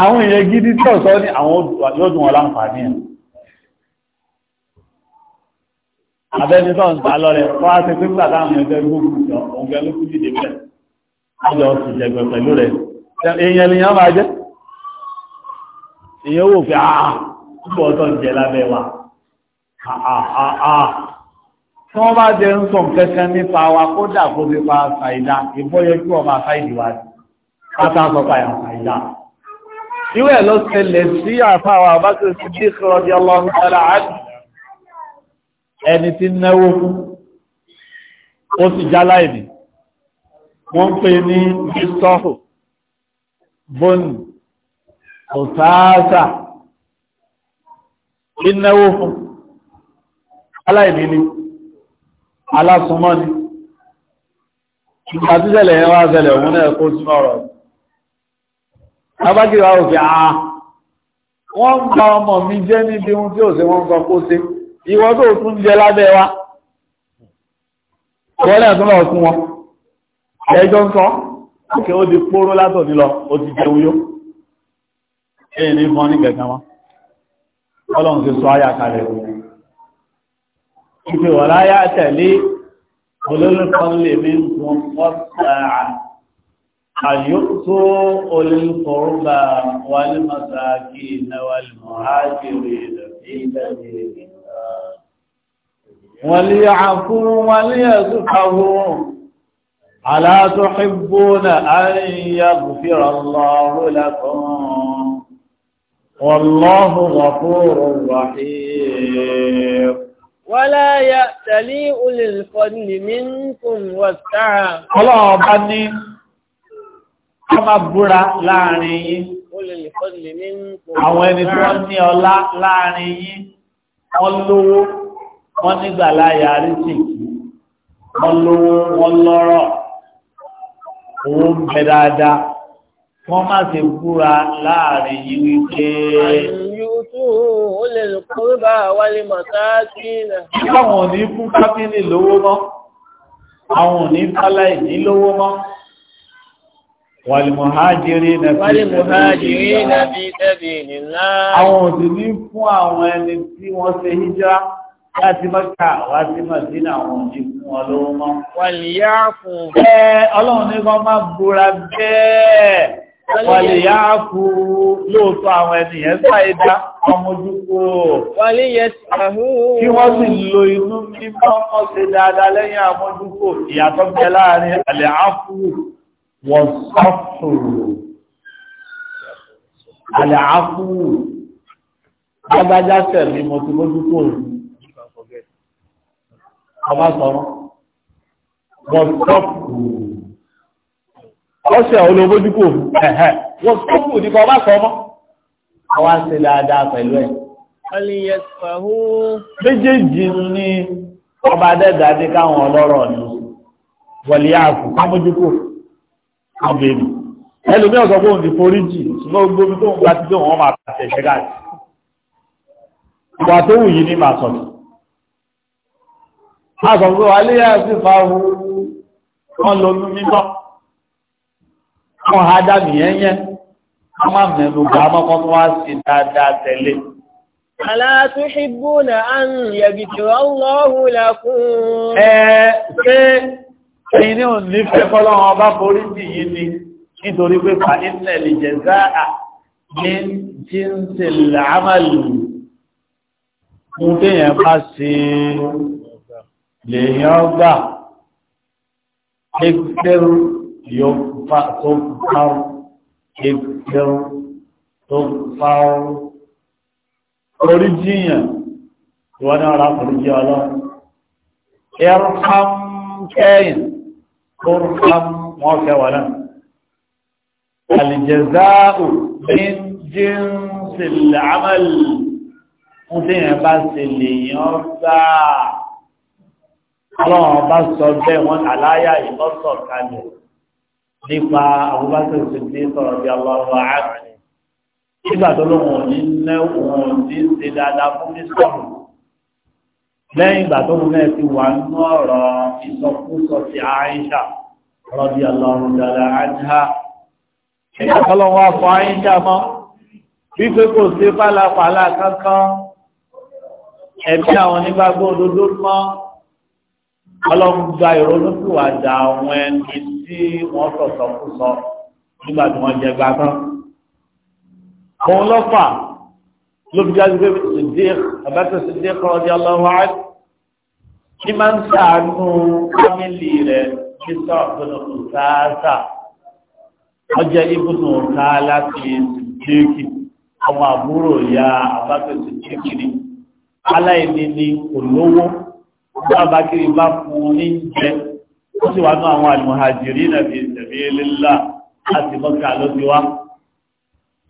àwọn èèyàn gidi tí ọ̀sọ́ ní àwọn yóò dùn wọn láǹfààní ẹ̀ abẹ́ni tó ń ta lọ́rẹ̀ fọ́ á ti ẹgbẹ́ gbogbo ìjọ òun gẹ́lú kú dìde èèyàn lèyàn máa jẹ́ èèyàn wò pé àà ah, púpọ̀ ọ̀tọ̀ ń jẹ lábẹ́ wa àà tí wọ́n bá jẹ ń sọ kẹ́kẹ́ nípa wa kó dà kó fi pa ṣàìdá ìbọ́yẹ kí wọ́n máa ṣàìdì wa pátá sọ pa yà ṣàìdá ìwé ló ṣẹlẹ̀ sí àfáwà bá tó ti dí kọrọdí ọlọ́run tẹ́lá àti ẹni tí náwó fún ó sì já wọ́n pè ní bíṣọ́fù bọ́nù ọ̀sáàsà ìnáwó fún aláìníní alásùnmọ́ni ìgbàtíṣẹ̀lẹ̀ yẹn wá ṣẹlẹ̀ òun náà kó sínú ọ̀rọ̀ abájíwá òkè àà wọ́n ń gba ọmọ mi jẹ́ níbi ohun tí ó ṣe wọ́n sọ kó ṣe ìwọ tó tún jẹ lábẹ́ wa wọ́n náà tún lọ fún wọn ẹjọ́ ń sọ ọkẹ̀ ó di póró látọ̀ nílọ ó ti jẹun yó ẹ̀yìn ní fún ọ ní gẹ̀gẹ̀ wọn ọlọ́run ti sọ ayà kalẹ̀ ìfẹ́ wọ̀ láyá tẹ̀lé olólùkan lè mi fún ọ́sàá àyó tó olùkọ̀ọ́gbà ẹ̀sùn kàwọ́ ألا تحبون أن يغفر الله لكم والله غفور رحيم ولا يأتلي أولي الفضل منكم والسعة الله أبني أما برا لاني أولي الفضل منكم أولي توني أولا لاني أولو ونزل يا رسيكي أولو والله owó ń bẹ dáadáa wọ́n má ṣe búra láàrin yìí wípé. Àwọn ò ní fún kábínì lówó mọ́, àwọn ò ní fálá ìní lówó mọ́. Wàlìmọ̀hájírí na fi sabilillah. Àwọn ò sì ní fún àwọn ẹni tí wọ́n ṣe hijira láti Mẹ́kà wá sí Mẹ́dínà àwọn òjìkú fún ọ lówó mọ́. wàlìyá fún. ẹ ọlọ́run ní kan máa búra bẹ́ẹ̀ wàlìyá fún lóòótọ́ àwọn ènìyàn sáyédá ọmọdú kúrò. wàlìyẹ sàhún. kí wọ́n sì lo inú mímọ́ wọn ṣe dáadáa lẹ́yìn àmójú kò ìyàtọ̀ bẹ láàrin àlẹ́ àfù wọ́n sọ́fùrù. àlẹ́ àfù agbájá sẹ̀mí mo ti mójú kúrò. ọba sọ̀rọ̀ wọ́n sọ́pù ọ̀ṣẹ̀ olóbójúkò ẹ̀hẹ́ wọ́n sọ́pù ní kọ́ bá sọ ọmọ ọwá ń ṣe dáadáa pẹ̀lú ẹ̀. méjèèjì ni ọba dẹ́gbàá dé káwọn ọlọ́rọ̀ ni wọ̀lẹ́ ààfù kámójúkò àbẹ̀mí ẹlòmí ọ̀sọ̀ fóun ti forí jì ṣùgbọ́n gbogbo tó ń gbà tí tó wọn máa tẹ̀ṣẹ́ káàkiri ìwà tó wù yìí ní màá sọ̀tún Àgbàgbọ́ aléyà sí fàáwú wọn lọ ní mímọ́. Wọ́n ha dábì yẹ́yẹ́, wọ́n máa mẹ́nu bá mọ́kọ́ tó wá sí dáadáa tẹ̀lé. Alátúhìbúnà án yẹ̀gìtìrọ̀ Allahu lakum. Ẹ ṣé ẹ̀yin ní òun nífẹ̀ẹ́ kọ́lọ́run ọba forí sí yìí ni nítorí pé fàínlẹ̀ lè jẹ̀ záà ní jíǹsì làámàlì. Mo téèyàn bá ṣe é lèèyàn gbà ẹgbẹ́rú yọpa tó fáwọn ẹgbẹ́rú tó fáwọn orí jíyàn wọ́n náà rà fún jẹ́ ọlọ́run ẹ̀rọ̀ham kẹ́yìn ọ̀rọ̀ham wọ́n fẹ́ wà náà alìjẹ̀záàù ní jíǹsì làmàlì fún tí yẹn bá ṣe lèèyàn gbáà ọlọ́run ọba sọ bẹ́ẹ̀ wọ́n àláyà ìbọ́sọ̀ kalẹ̀ nípa Abubakar Siddiq sọ̀rọ̀ bí ọlọ́run àárẹ̀ nígbà tó lóun ò ní ná òun ò ní ṣe dáadáa fún ìsọ̀rọ̀ lẹ́yìn ìgbà tó lóun náà ti wà nínú ọ̀rọ̀ ìsọkúsọ ti Aisha rọ́bí ọlọ́run dáadáa ájá nígbà tó lóun wà fún mọ́ wípé kò sí pálapàla kankan ẹ̀mí àwọn onígbàgbọ́ òdodo mọ́ ọlọ́run gba ìrònúpìwàdà àwọn ẹni tí wọ́n sọ̀sọ̀ kú sọ nígbà tí wọ́n jẹ gbà tán. òun lọ́fà ló fi jáde pé Siddiq Abubakar Siddiq radiyallahu anhu ní máa ń sàánú fámìlì rẹ̀ ní sọ̀tún òtáàtà ọjọ́ ibùdó òtáàlá ti Siddiq ọmọ àbúrò ya Abubakar Siddiq ni aláìní ni kò lówó bàbá kiri bá fún un ní jẹ ó sì wà ní àwọn àlùmọ̀hàjìrí nàbí ìsẹ̀mílélá láti mọ́kà ló ti wá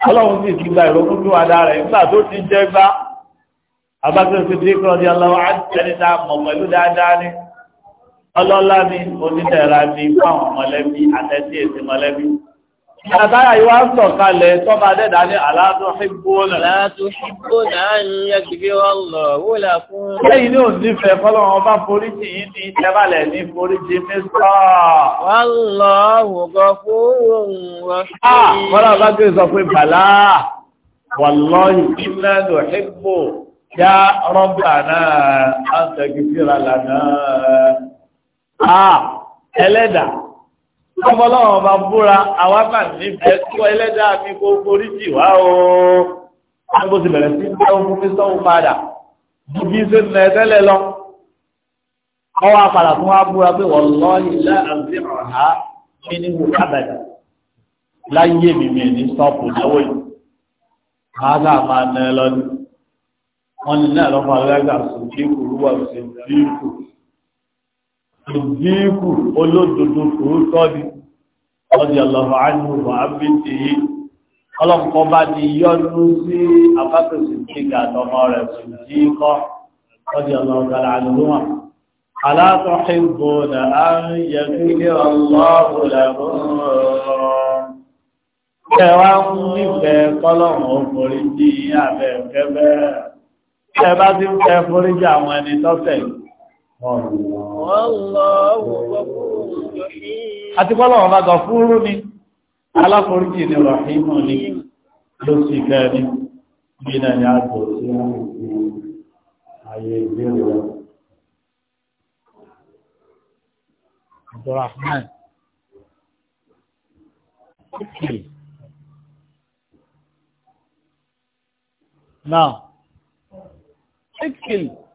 ọlọ́run sì ti gba ìrọ́kú tó wà dára ìgbà tó ti jẹ́ gbá abákẹ́ ti dé kọ́ di ọlọ́wọ́ àtẹ́ni tá mọ̀ pẹ̀lú Àtàrà ìwá ń sọ kalẹ̀ tọ́ba dẹ́dà ní aláàtúnṣíbónà. Aláàtúnṣíbónà ń yẹ kìí wọ́n lọ wúlà fún. Lẹ́yìn ní ò nífẹ̀ẹ́ fọ́lọ́wọ́n bá foríjì yìí ní ìtẹ́bàlẹ̀ ní foríjì mẹ́sọ́. Wọ́n lọ wùgọ́ fún òun wọ́n fi. Ah, kọ́lá bá gbé sọ pé bàlá. Wàlọ́yìn iná lò ṣíbò. Yá rọ́bà náà, á ń tẹ̀gì síra lànà. Ah, ẹlẹ́dàá ọmọlọ́wọ́ bá búra àwa náà níbẹ̀ tó ẹlẹ́dàá mi kó forí jì wá o bó ti bẹ̀rẹ̀ sí bẹ́ ohun fún mi sọ́hun padà bó bí ṣe ń lẹ tẹ́lẹ̀ lọ ọwọ́ apàdà fún wa búra pé wọ́n lọ ilé àti ọ̀há mi ní wò kábẹ̀dà láyé mi mi ní sọ́ọ̀pù náwó yìí káàkà máa nà ẹ lọ ní wọ́n ní náà lọ́kọ̀ àlọ́gbà kí kò rúwà sùn kí ìdíkù olódodo tòótọ́ ni ọdí ọlọ́rọ̀ ánú wàhábìtì yìí ọlọ́pọ̀ bá ti yọ́nú sí afákòsì kíga àtọmọ rẹ̀ sùdíkọ́ ọdí ọlọ́rọ̀ ánú wọn. alátọ́hìnbọ̀nà àárín yẹ̀kílẹ̀ ọlọ́rọ̀ lẹ́gbọ̀n ẹ wá ń nífẹ̀ẹ́ kọ́lọ́run ọkùnrin tí abẹ́ kẹfẹ́ ẹ bá ti ń fẹ́ foríjì àwọn ẹni tọ́fẹ̀ẹ́ Àti pọ́lọ̀ ọ̀rọ̀ àgọ̀ fúrú ni, aláforíjì ni ràhímù ni, ló sì kẹrin, gbínà ni àtò sí ayé ìgbèrè rẹ̀. Abdurrahman. Okay. Now, Sikil.